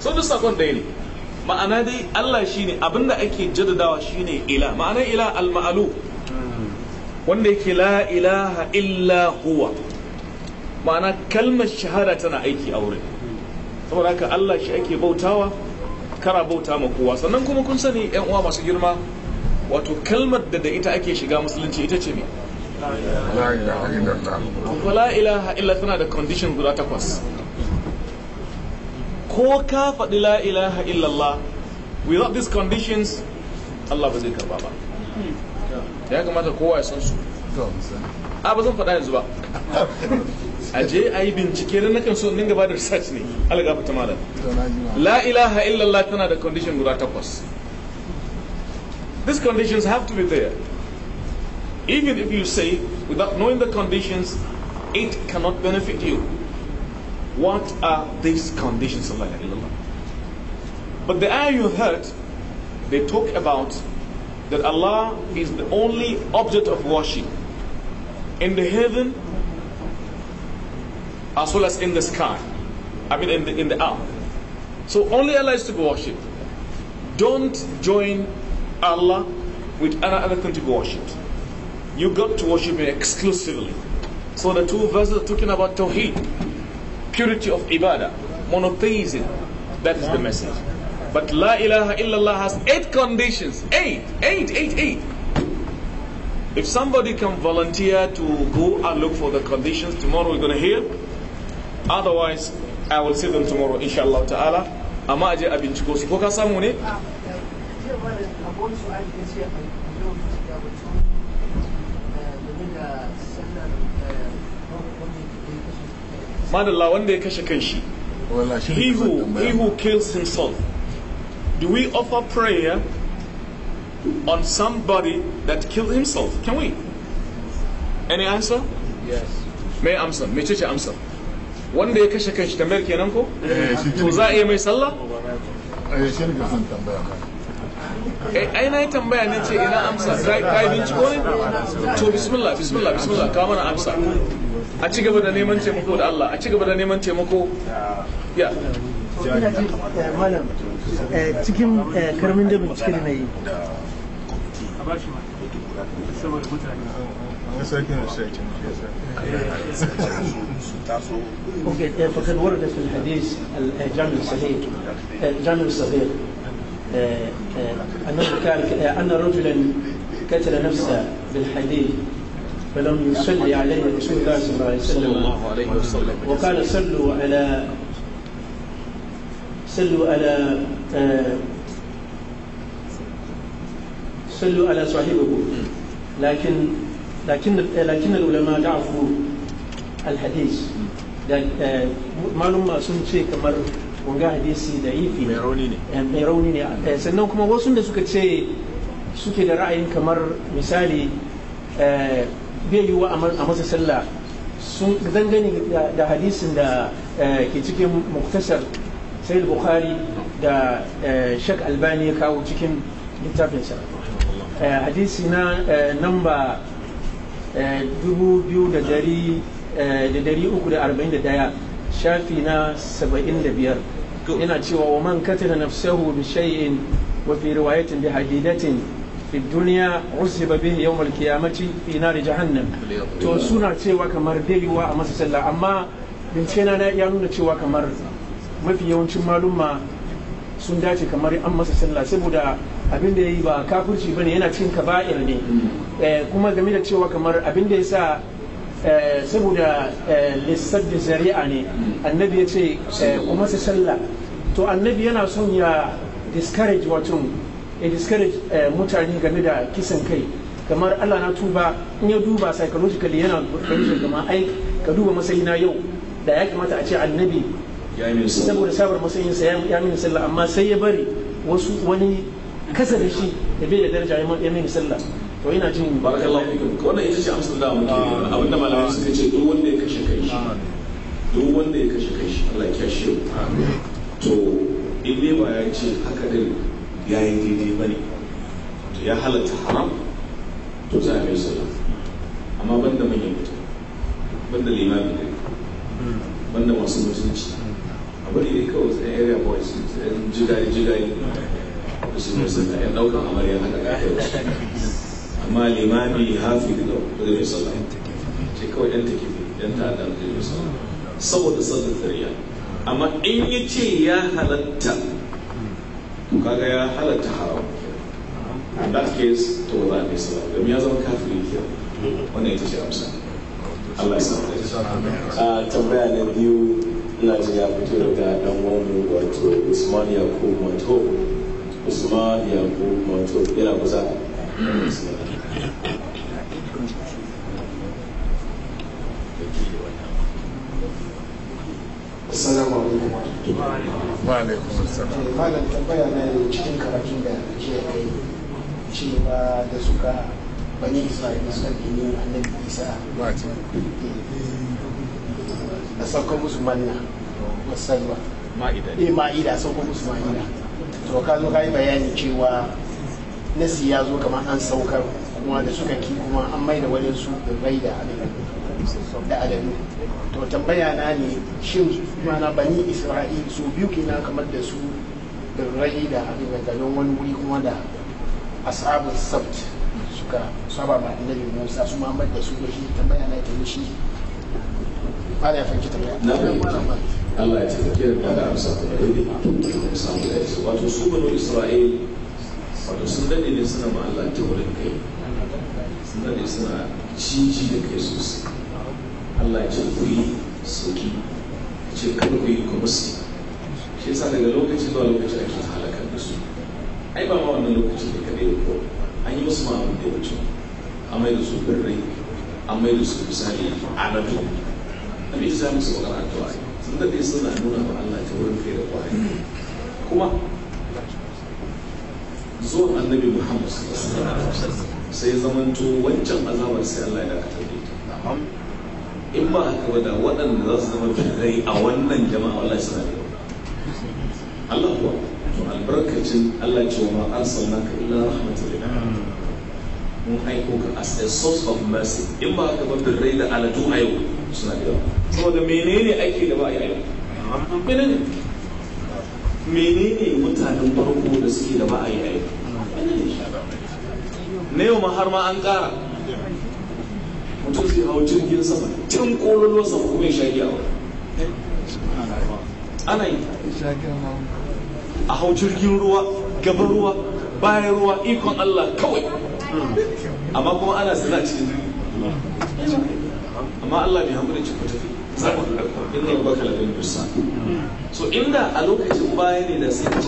Speaker 2: so duk sakon dai ne ma'ana dai Allah shi shine abinda ake jaddadawa shi ne ila ma'ana ila al-ma'alu wanda yake la ilaha illa huwa ma'ana kalmar shahada tana aiki a wurin saboda haka Allah shi ake bautawa kara bauta ma kowa sannan kuma kun sani yan uwa masu girma wato kalmar da da ita ake shiga musulunci ita ce ne la ilaha illa tana da condition guda takwas ko ka faɗi la ilaha illallah without these conditions Allah ba zai karba ba ya kamata kowa ya san su a ba zan faɗa yanzu ba a je a yi bincike na nakan so ninga ba da research ne algaba ta malam la ilaha illallah tana da condition guda takwas these conditions have to be there even if you say without knowing the conditions it cannot benefit you what are these conditions la ilaha illallah but the ayah you heard they talk about that Allah is the only object of worship in the heaven as well as in the sky. I mean, in the, in the earth. So only Allah is to be worshipped. Don't join Allah with other thing to be worshipped. You got to worship Him exclusively. So the two verses are talking about Tawheed, purity of Ibadah, monotheism. That is the message. But La ilaha illallah has eight conditions. Eight, eight, eight, eight. If somebody can volunteer to go and look for the conditions, tomorrow we're going to hear otherwise I will see them tomorrow inshallah ta'ala amma aje a binciko su ko ka samu ne madalla wanda ya kashe kanshi he who he who kills himself do we offer prayer on somebody that killed himself can we any answer yes may answer mecece answer wanda ya kashe kanshi tambayar kenan ko eh, to za a iya mai sallah eh, eh, ai na yi tambaya ne ce ina amsa ka yi ko ne to bismillah bismillah bismillah ka mana amsa a ci gaba da neman taimako da Allah a ci gaba da neman taimako ya cikin
Speaker 6: karmin da bincike da na yi مساكين الشيخ اوكي فقد ورد في الحديث الجامع الصغير الجامع الصغير أنه قال أن رجلا كتل نفسه بالحديد فلم يصلي عليه رسول الله صلى الله عليه وسلم وقال صلوا على صلوا على صلوا على صاحبه لكن lakin lakin ulama da'fu al-hadith da malumma sun ce kamar kunga hadisi da ifi mai rauni ne mai rauni ne sannan kuma wasu da suka ce suke da ra'ayin kamar misali bai a masa sallah sun dangane da hadisin da ke cikin muktasar sai bukhari da shek albani ya kawo cikin littafinsa hadisi na namba dubu biyu da dari eh, da dari uku da arba'in da daya shafi na saba'in da biyar yana cewa wa man katara nafsahu bi shay'in wa fi riwayatin bi hadidatin fi duniya usiba bihi yawm al-qiyamati fi nar jahannam to suna cewa kamar daiwa a masa sallah amma bincike na ya nuna cewa kamar mafi yawancin malumma sun dace kamar an masa sallah saboda abin da ya yi ba kafirci ne yana cin kaba'ir ne eh, kuma game da cewa kamar abin da ya sa eh, saboda eh, da zari'a ne annabi ya ce kuma su sallah to annabi yana son ya discourage watan ya discourage mutane game da kisan kai kamar allah na tuba in ya duba psychologically yana fahimtar kama ai ka duba na yau da ya kamata a ce annabi saboda sabar masayinsa ya min sallah amma sai ya bari wasu wani kasa da shi da bai da daraja ya mai sallah to ina jin barakallahu fikum wannan ita ce amsar da muke abin da malamai suka
Speaker 2: ce duk wanda ya kashe kai shi duk wanda ya kashe kai shi Allah ya kashe to in dai ba ya ce haka din ya yi daidai ba ne to ya halatta haram to za a mai sallah amma banda manyan mutum banda limami ne banda masu mutunci a bari ne kawai tsaye area boys tsaye jigaye jigaye shi ne sun ɗaya ɗaukan amarya haka ƙahiyar su amma limami hafi da ƙudurin sallah ce kawai ɗan takifi ɗan ta da ƙudurin sallah saboda sallar tsariya amma in ya ce ya halatta kaga ya halatta haram in that case to ba za a kai sallah domin ya zama kafin kafiri ke
Speaker 3: wannan ita ce amsa Allah ya samu da tambaya na biyu ina ji ya fito daga ɗan wani wato Usman Yakubu Mato usman yaqub wato yana kusa Assalamu alaikum wa alaikum eh, Malam tambaya na
Speaker 6: cikin karatun da ke kai cewa da suka bani Isra'ila suka nemi annabi Isa. Eh, A saukan musu manna, wasu Ma'ida. Eh, musu ma'ida. to ka zo ka yi bayani cewa nasi ya zo kamar an saukar kuma da suka ki kuma an mai da waɗansu bai da da adadu to tambaya na ne shin mana bani isra'il su biyu kenan kamar da su birrai da ganin wani wuri kuma da ashabin sabt suka saba ma annabi musa su mamar
Speaker 3: da su da shi tambaya na ta shi ba da ya fanki tambaya
Speaker 2: Allah ya taimake da da amsa ku da dai ku samun da ce wato su banu Isra'il wato sun dade ne suna ma Allah ta wurin kai sun dade suna ciji da kai sosai Allah ya ce ku yi sauki ce kada ku yi ku musu shi yasa daga lokaci zuwa lokaci ake halakar da su ai ba ma wannan lokaci da kadai ko an yi musu ma abin da ya wuce a mai da su birrai a mai da su misali a nato abin da za mu su magana to yi sun daɗe suna nuna ba Allah ta wurin fere da kuma zuwan annabi Muhammad sai to wancan azabar sai Allah ya dakatar da ita in ba haka ba da waɗanda za su zama fitai a wannan jama'a Allah ya sanar da Allah kuwa to albarkacin Allah ce wa ma ka illa rahmatul lil mun aiko ka as a source of mercy in ba haka ba rai da alatu a yau suna gidan saboda menene ake da ba a yi aiki menene mutanen farko da suke da ba a yi aiki na yau ma har ma an ƙara mutum zai hau jirgin sama can kololo sama kuma ya sha giya ana yi a hau jirgin ruwa gaban ruwa bayan ruwa ikon Allah kawai amma kuma ana sana cikin amma Allah bai hankali ci ku inna yi baka labin so inda a lokacin baya ne da sai da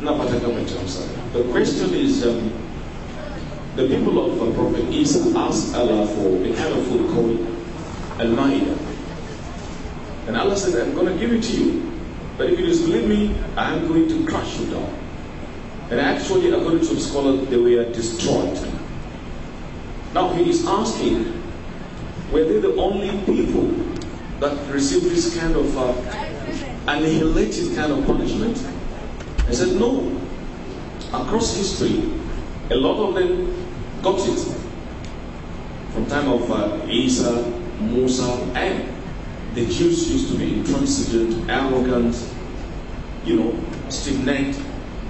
Speaker 2: na fata ga the question is um, the people of the prophet Isa asked Allah for a kind of food called al-ma'idah and Allah said I'm going to give it to you but if you disbelieve me I am going to crush you down and actually according to scholars they were destroyed now he is asking, were they the only people that received this kind of uh, annihilated kind of punishment? I said, no. Across history, a lot of them got it. From time of uh, Isa, Musa, and the Jews used to be intransigent, arrogant, you know, stiff-necked.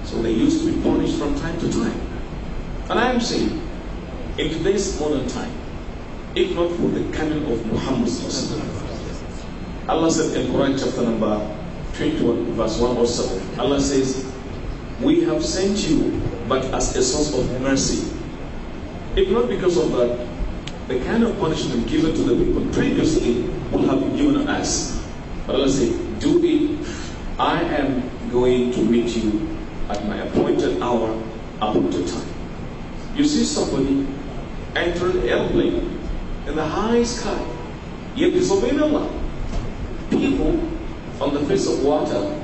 Speaker 2: So they used to be punished from time to time. And I am saying, in today's modern time, if not for the coming of Muhammad, Allah said in Quran chapter number 21, verse 107, Allah says, We have sent you but as a source of mercy. If not because of that, the kind of punishment given to the people previously would have been given us. But Allah said, Do it. I am going to meet you at my appointed hour, appointed time. You see somebody entered heavenly in the high sky. Yet disobeying Allah. People on the face of water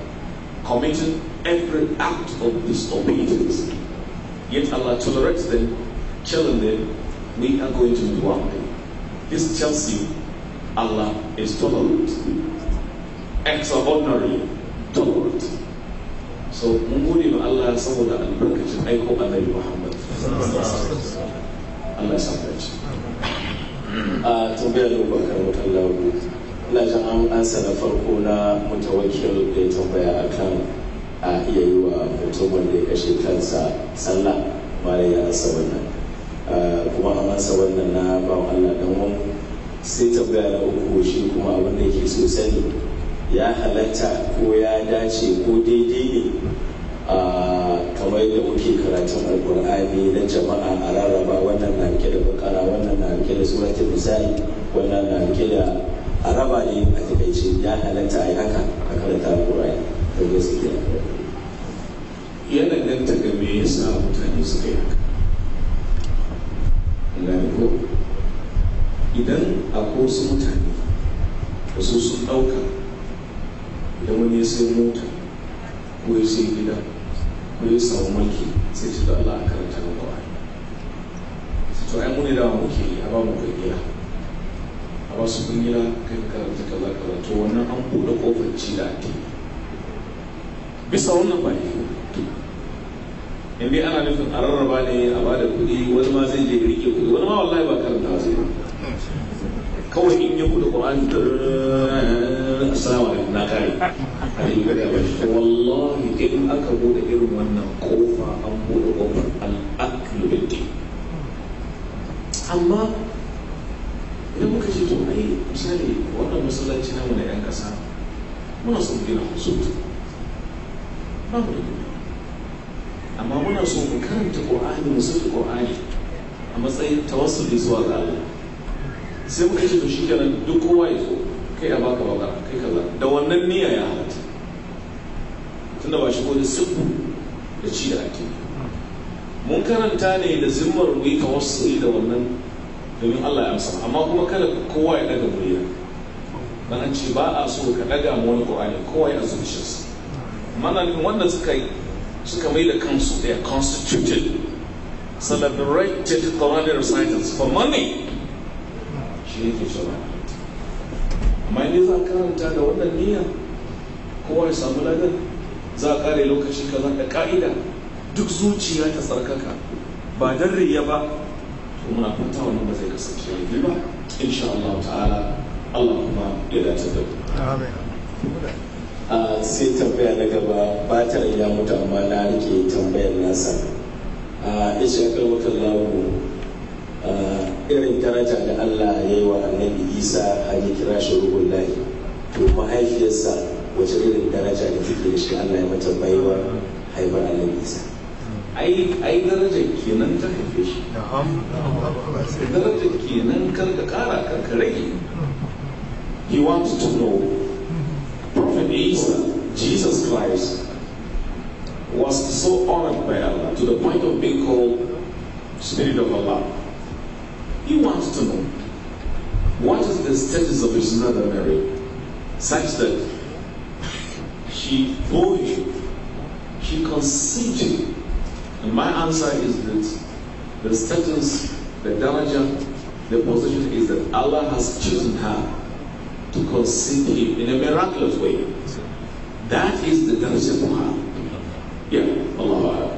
Speaker 2: committed every act of disobedience. Yet Allah tolerates them, telling them, we are going to do one thing. This tells you Allah is tolerant, extraordinary, tolerant. So mun gode ma Allah saboda albarkacin aiko Annabi
Speaker 3: Muhammad. Allah ya samu dace a ah, tambayar da ba karamtar lauru ina jin an ansa na farko na mutawakkil da ya tambaya akan a iya yi wa mutum wanda ya kashe kansa sallah bayan ya ansa wannan ah, kuma an ansa wannan na bawan Allah dan wani sai tambaya na uku shi kuma abin da yake so sani ya halatta ko ya dace ko daidai ne kamar da kuke karatun alkur'ani na jama'a a rarraba wannan na rike da bakara wannan na rike da suratul nisa'i wannan na rike da a raba ne a takaice ya halatta a yi haka a karanta alkur'ani da gaskiya
Speaker 2: ya danganta ga me yasa mutane suka yi haka ko idan akwai wasu mutane wasu sun ɗauka da wani ya sai mota ko ya sai gida ko ya samu mulki sai ce da Allah a karanta ga Qur'ani su to ai mu ne da muke yi a ba mu kungila a ba su kungila kai ka karanta kaza kaza to wannan an buɗe kofar ci da ake bisa wannan ba ne in dai ana nufin a rarraba ne a ba da kuɗi wani ma zai je rike kuɗi wani ma wallahi ba karanta zai ba kawai in yi buɗe ƙwa'an da alaikum na kare wallahi in aka bude irin wannan kofa an bude kofar al'aklu bitti amma idan muka ce to ai misali wannan masallaci na mu da yan kasa muna son gina husutu ba mu da amma muna so mu karanta qur'ani mu saki qur'ani a matsayin tawassuli zuwa ga Allah sai muka ce to shikenan duk kowa ya zo kai a baka baka kai kaza da wannan niyya ya hawa tunda ba shigo da sibbu da ci da ake mun karanta ne da zimmar mu yi tawassuli da wannan domin Allah ya amsa amma kuma kada kowa ya daga murya ban an ce ba a so ka daga mu wani Qur'ani kowa ya su mana ne wanda suka suka mai da kansu they are constituted celebrated Quranic recitals for money shi ne ke shawar amma ne za karanta da wannan niyan kowa ya samu ladan za a kare lokaci kaza da ka'ida duk zuciya ta tsarkaka ba dan riya ba to muna fata wannan ba zai kasance laifi ba insha Allah ta'ala Allah
Speaker 3: kuma ya dace da ku amin sai tambaya na gaba ba ta riya mutu amma na rike tambayar nasa a isha kalmakan lagu irin daraja da Allah ya yi wa annabi Isa a yi kira shi ruhun lahi to mahaifiyarsa wace irin daraja ne take shi Allah
Speaker 2: ya mata baiwa ai ai daraja kenan ta haife shi daraja kenan kar ka kara kar ka rage
Speaker 4: he wants to know prophet Isa Jesus Christ
Speaker 2: was so honored by Allah to the point of being called Spirit of Allah. He wants to know what is the status of his mother Mary such that she bore you, she conceived you. And my answer is that the status, the daraja, the position is that Allah has chosen her to conceive him in a miraculous way. That is the daraja for her. Yeah, Allah.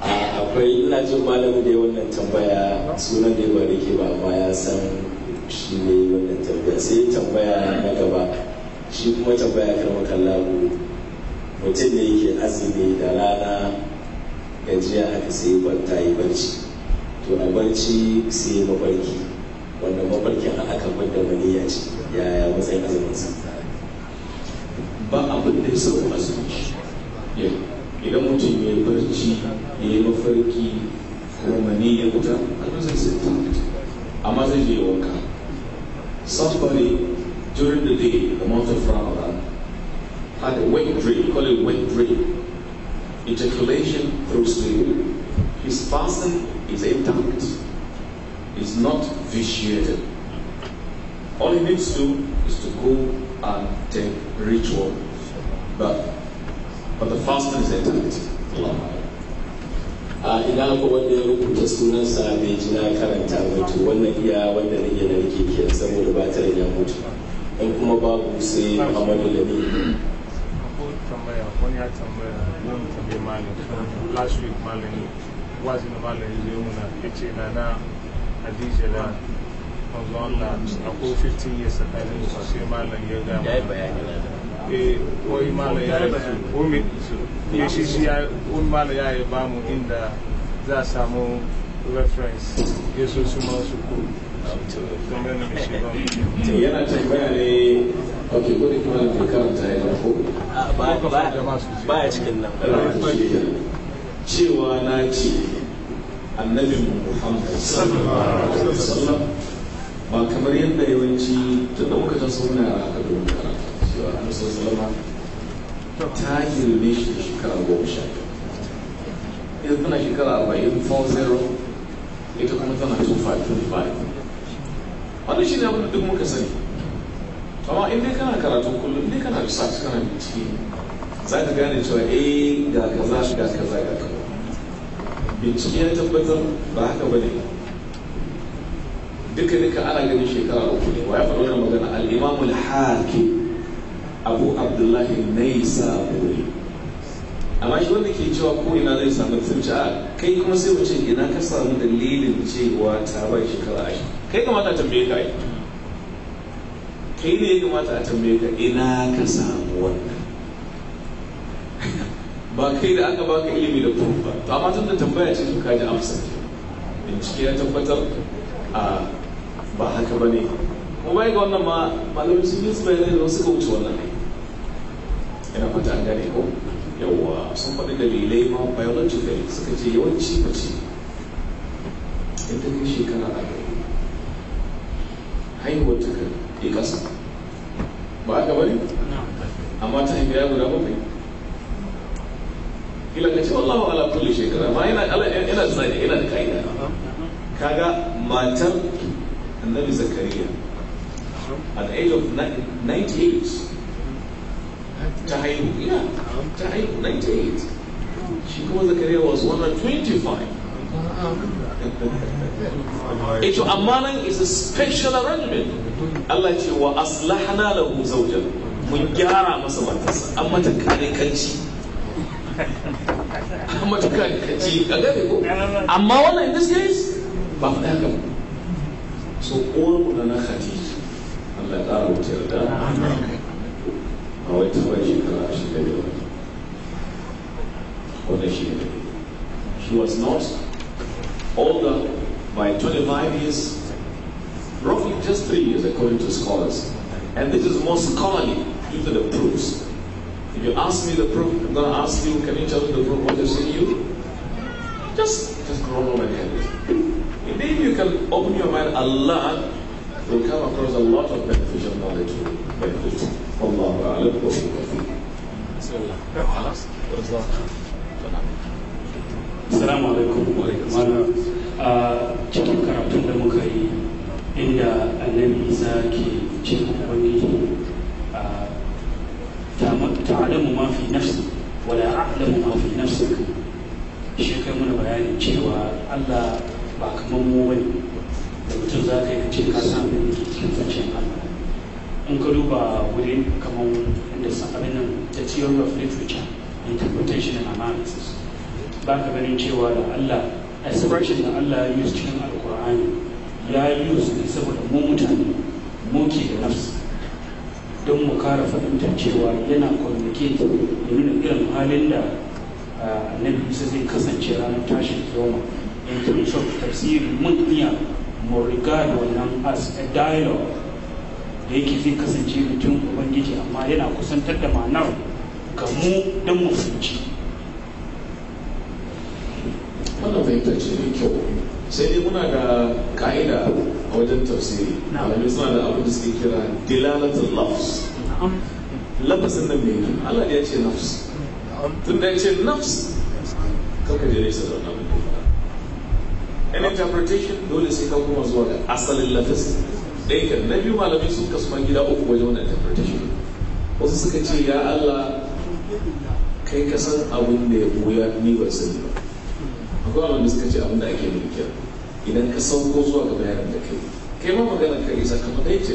Speaker 2: akwai ina jin malamin da
Speaker 3: ya wannan tambaya sunan da ya ba da ke ba amma ya san shi ne wannan tambaya sai tambaya na gaba shi kuma tambaya kan makalla mutum ne yake azumi da rana gajiya aka sai ta yi barci to a barci sai mafarki wanda mafarkin a aka kwanta mani ya ce yaya matsayin azumin sa ba abin da ya a azumi idan
Speaker 2: mutum ya yi barci ya yi mafarki kuma mani ya fita a zai sai amma zai je wanka safari during the day, the month of Ramadan, had a wet dream, call it weight drill, ejaculation through sleep. His fasting is intact, it's not vitiated. All he needs to do is to go and take ritual, but but the fasting is intact. Allah. a ah, ina ko wanda ya rubuta
Speaker 3: sunansa bai ji na karanta ba to wannan iya wanda ne yana nake kiyan saboda ba ta ya mutu in kuma babu sai muhammadu lami
Speaker 1: tambaya wani ya tambaya wani tambaye malin last week malin wazi na malin zai muna ya ce na na hadija da manzo Allah akwai 15 years tsakanin su sai malin ya ga ya yi bayani eh wai malin ya yi ya shi shi ya wani ya yi bamu inda za a samu
Speaker 3: reference ya su ma su yana tambaya ne kuma karanta ya ko ba ya cikin nan cewa na ce annabin
Speaker 2: muhammad sallallahu alaihi wasallam ba kamar yadda yawanci ta daukata suna a kadon karanta cewa an ta girme shi da shekara goma sha biyu yanzu tana shekara arba'in 4 ita kuma tana 2525 wannan shi ne abin da duk muka sani amma in dai kana karatu kullum dai kana research kana bincike za ka gane cewa eh ga kaza ga kaza ga kaza bincike ya tabbatar ba haka ba ne duka duka ana ganin shekara uku ne wa ya faɗo wannan magana al-imamul hakim abu abdullahi naisa buri amma shi wanda ke cewa ko ina zai samu sun a kai kuma sai wuce ina ka samu dalilin cewa ta shi shekara ashirin kai kamata a tambaye ka yi. kai ne ya kamata a tambaye ka ina ka samu wannan ba kai da aka baka ilimi da kuma ba to amma tun da tambaya ce to ka ji amsa bincike ya tabbatar a ba haka ba ne ko bai ga wannan ma malamin sun yi su bayanai da wasu ka wuce wannan ina fata an gane ko yawa sun faɗi dalilai ma biological suka ce yawanci mace idan shekara a gari haihuwar ta kan yi ƙasa ba ka bari amma ta haifi ya guda bakwai kila ka ce wallahu ala kulli shekara ma yana yana tsari yana da ka'ida kaga matar annabi zakariya at the age of 98 ta haihu ya ta haihu 98 shi kuma zakariya was 125 ito amma nan is a special arrangement Allah ce wa aslahna lahu zawjan mun gyara masa matarsa an mata kare kanci an mata kare kanci ka gane ko amma wannan in this case ba fa haka ba so da na Khadija
Speaker 3: Allah ya ƙara wuce da I'll explain you can actually do
Speaker 2: it. she She was not older by 25 years, roughly just three years, according to scholars. And this is more scholarly due to the proofs. If you ask me the proof, I'm going to ask you, can you tell me the proof? What is in you? Just, just grow up and have Indeed, maybe you can open your mind a lot, you'll come across a lot of beneficial knowledge, you. والله أعلم خلاص
Speaker 5: Assalamu alaikum wa cikin karatun da muka yi inda annabi Isa ke cin ubangiji alamu ma fi nafsi wala a'lamu ma fi nafsik shi kai mana bayanin cewa Allah ba kamar mu bane da mutum za ka yi ka ce ka san ke Allah in ka duba wuri kamar sun abin nan da theory of literature interpretation and analysis ba ka ganin cewa da Allah expression da Allah ya use cikin alkur'ani ya use ne saboda mu mutane mu ke da nafsi don mu kara fahimtar cewa yana communicate da nuna irin halin da annabi isa zai kasance ranar tashin zoma. in terms of tafsiri mun iya mu riga wannan as a dialogue da yake zai kasance mutum ubangiji amma yana kusantar da ma'anar ga mu don mu
Speaker 2: wannan fahimtar ce mai kyau sai dai muna da ka'ida a wajen tafsiri malamai suna da abin da suke kira dilalatul lafs lafasin nan mai Allah ya ce nafs tun da ya ce nafs kaka je nesa da wannan an interpretation dole sai ka kuma zuwa da asalin lafasin ɗaya na biyu malamai sun kasu man gida uku wajen wannan interpretation wasu suka ce ya Allah kai ka san abin da ya buya ni ban sani ba akwai abin da suka ce abin da ake nufi idan ka sauko zuwa ga bayanin da kai kai ma magana ka isa kama ɗaya ce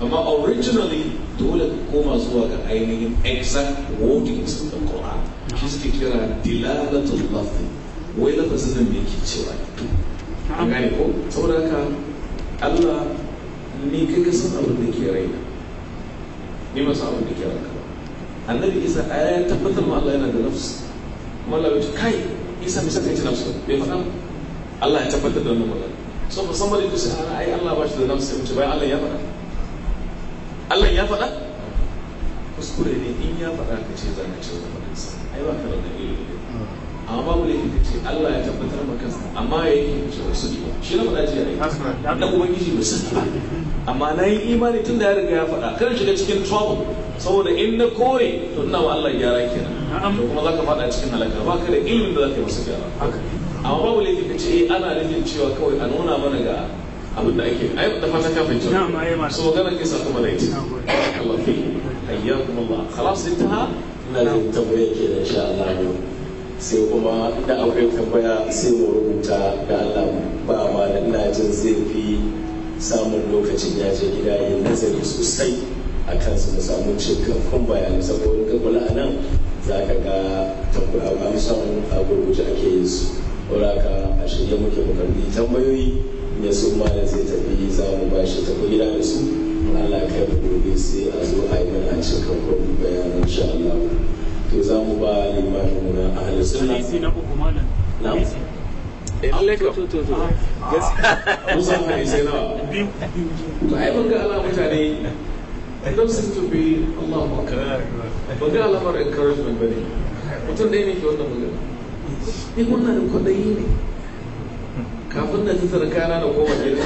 Speaker 2: amma originally dole ka koma zuwa ga ainihin exact wordings da Qur'an shi suke kira dilalatul lafzi wai lafazin nan me yake cewa to an gane ko saboda haka Allah ni kaga san abin da ke raina ni ma san abin da ke ranka annabi isa ya tabbatar ma Allah yana da nafs kuma Allah ya kai isa mai saka ce nafsu bai faɗa Allah ya tabbatar da wannan magana so ba san bari ku sai ai Allah ba shi da nafsu sai bayan Allah ya faɗa Allah ya faɗa kuskure ne in ya faɗa ka ce zaka ce ba faɗa ai ba ka da ilimi amma babu da ita ce Allah ya tabbatar ma kansa amma ya yi ce ba sani ba shi na faɗa ce ya yi da ubangiji ba sani ba amma na yi imani tun da ya riga ya faɗa kar shiga cikin trouble saboda in na kore to ina wa Allah gyara kenan to kuma zaka faɗa cikin halaka ba ka da ilimin da zaka yi masa gyara amma babu da ita ce eh ana nufin cewa kawai a nuna mana ga abin da ake ai da fata ka fahimci so magana ke sa kuma da ita Allah fi hayyakum Allah khalas intaha na zai tabbaya
Speaker 3: ke da insha Allah sai kuma da akwai tambaya sai mu rubuta ga allah ba ma da ina jin zai fi samun lokacin ya je gida yin nazari sosai a kan su samu cikakkun bayani saboda ga a nan za ka ga tambaya samu a gurguje ake yin su ka a shirye muke mu tambayoyi ya so da zai tafi za mu ba shi tafi gida da su Allah kai mu gobe sai a zo a yi mana cikakken bayanin insha Allah to za mu ba limamin na ahalin sunna na uku malam na eh,
Speaker 2: musan hadisai nawa to ai ban ga ala mutane don't seem to be Allah ban ga alamar encouragement ba ne mutum ɗaya ne ke wannan magana ni na da kwaɗayi ne kafin na tattara kana da koma gida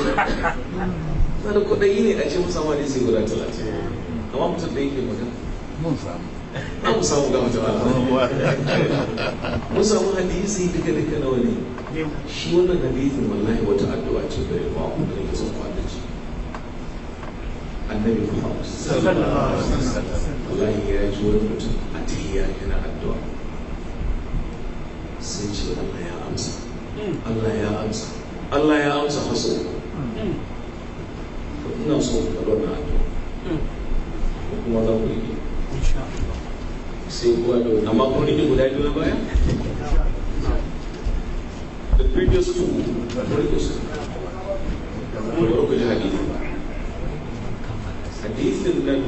Speaker 2: na da kwaɗayi ne a ce musamman ne sai guda talatin amma mutum ɗaya ke magana mun samu
Speaker 3: na mu samu ga mutum mun samu
Speaker 2: hadisi duka duka na wani shi wannan hadisin wallahi wata addu'a ce da ba ku da yake son kwanda ce annabi Muhammad sallallahu alaihi wasallam wallahi ya ji wani mutum a tahiyya yana addu'a sai ce Allah ya amsa Allah ya amsa Allah ya amsa haso ina so ku ga wannan addu'a kuma za ku yi sai da wani amma
Speaker 3: kun guda biyu na baya
Speaker 2: the previous two hadisi hadisin nan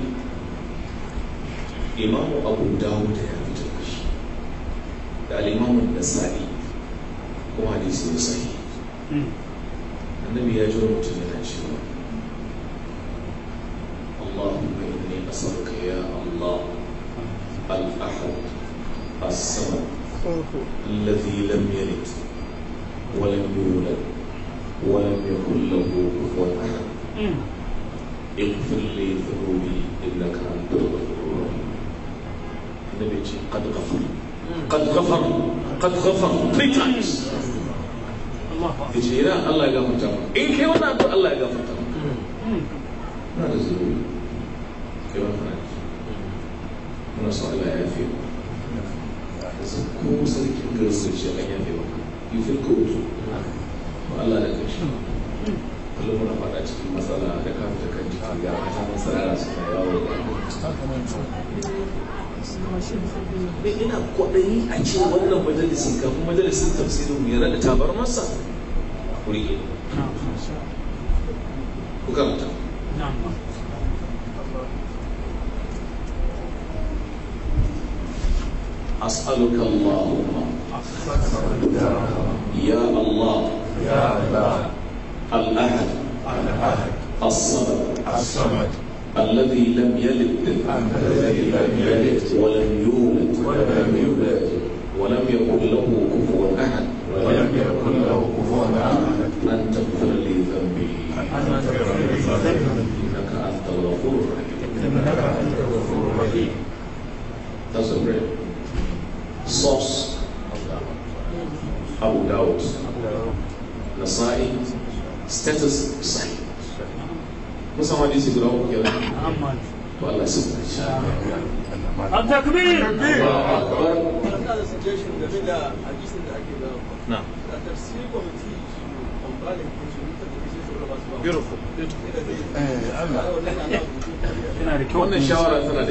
Speaker 2: imamu abu dawud ya fito da shi da al'imamu da sa'i kuma hadisi ne sahi annabi ya ji wani mutum yana cewa السمك الذي لم يلد ولم يولد ولم يكن له كفوا احد اغفر لي ذنوبي انك انت الغفور الرحيم النبي قد غفر قد غفر قد غفر 3 تايمز الله اكبر الله يغفر تمام ان كيوانا انت الله يغفر تمام هذا الزهور كيوانا انت ونسال الله العافيه ko sarkin garin sun ce an yafe ba you feel good ba Allah da kashi kullum muna faɗa cikin matsala da kafin ta kanci a ga mata masarara suna yawo da ina kwaɗayi a ce wannan majalisin kafin majalisin tafsirin mu ya da tabar masa ku rike ku karanta أسألك اللهم يا الله يا الله الأحد الصمد الصمد الذي لم يلد الذي لم يلد ولم يولد ولم يولد ولم يكن له كفوا أحد ولم يكن له كفوا أحد أن تغفر لي ذنبي أن تغفر لي ذنبي إنك أنت الغفور الرحيم إنك أنت الغفور الرحيم That's صوص أو داوت نصائي ستاتس صحيح موسى ما ديسي قرأوك يا رجل أمان والله سبحان الله أمان أبدا
Speaker 5: كبير الله أكبر
Speaker 6: هذا سجيشن دبيلا حديث من أكيد نعم تفسير ومتيج ومبالي Beautiful. Beautiful.
Speaker 2: Beautiful. Uh, I'm not.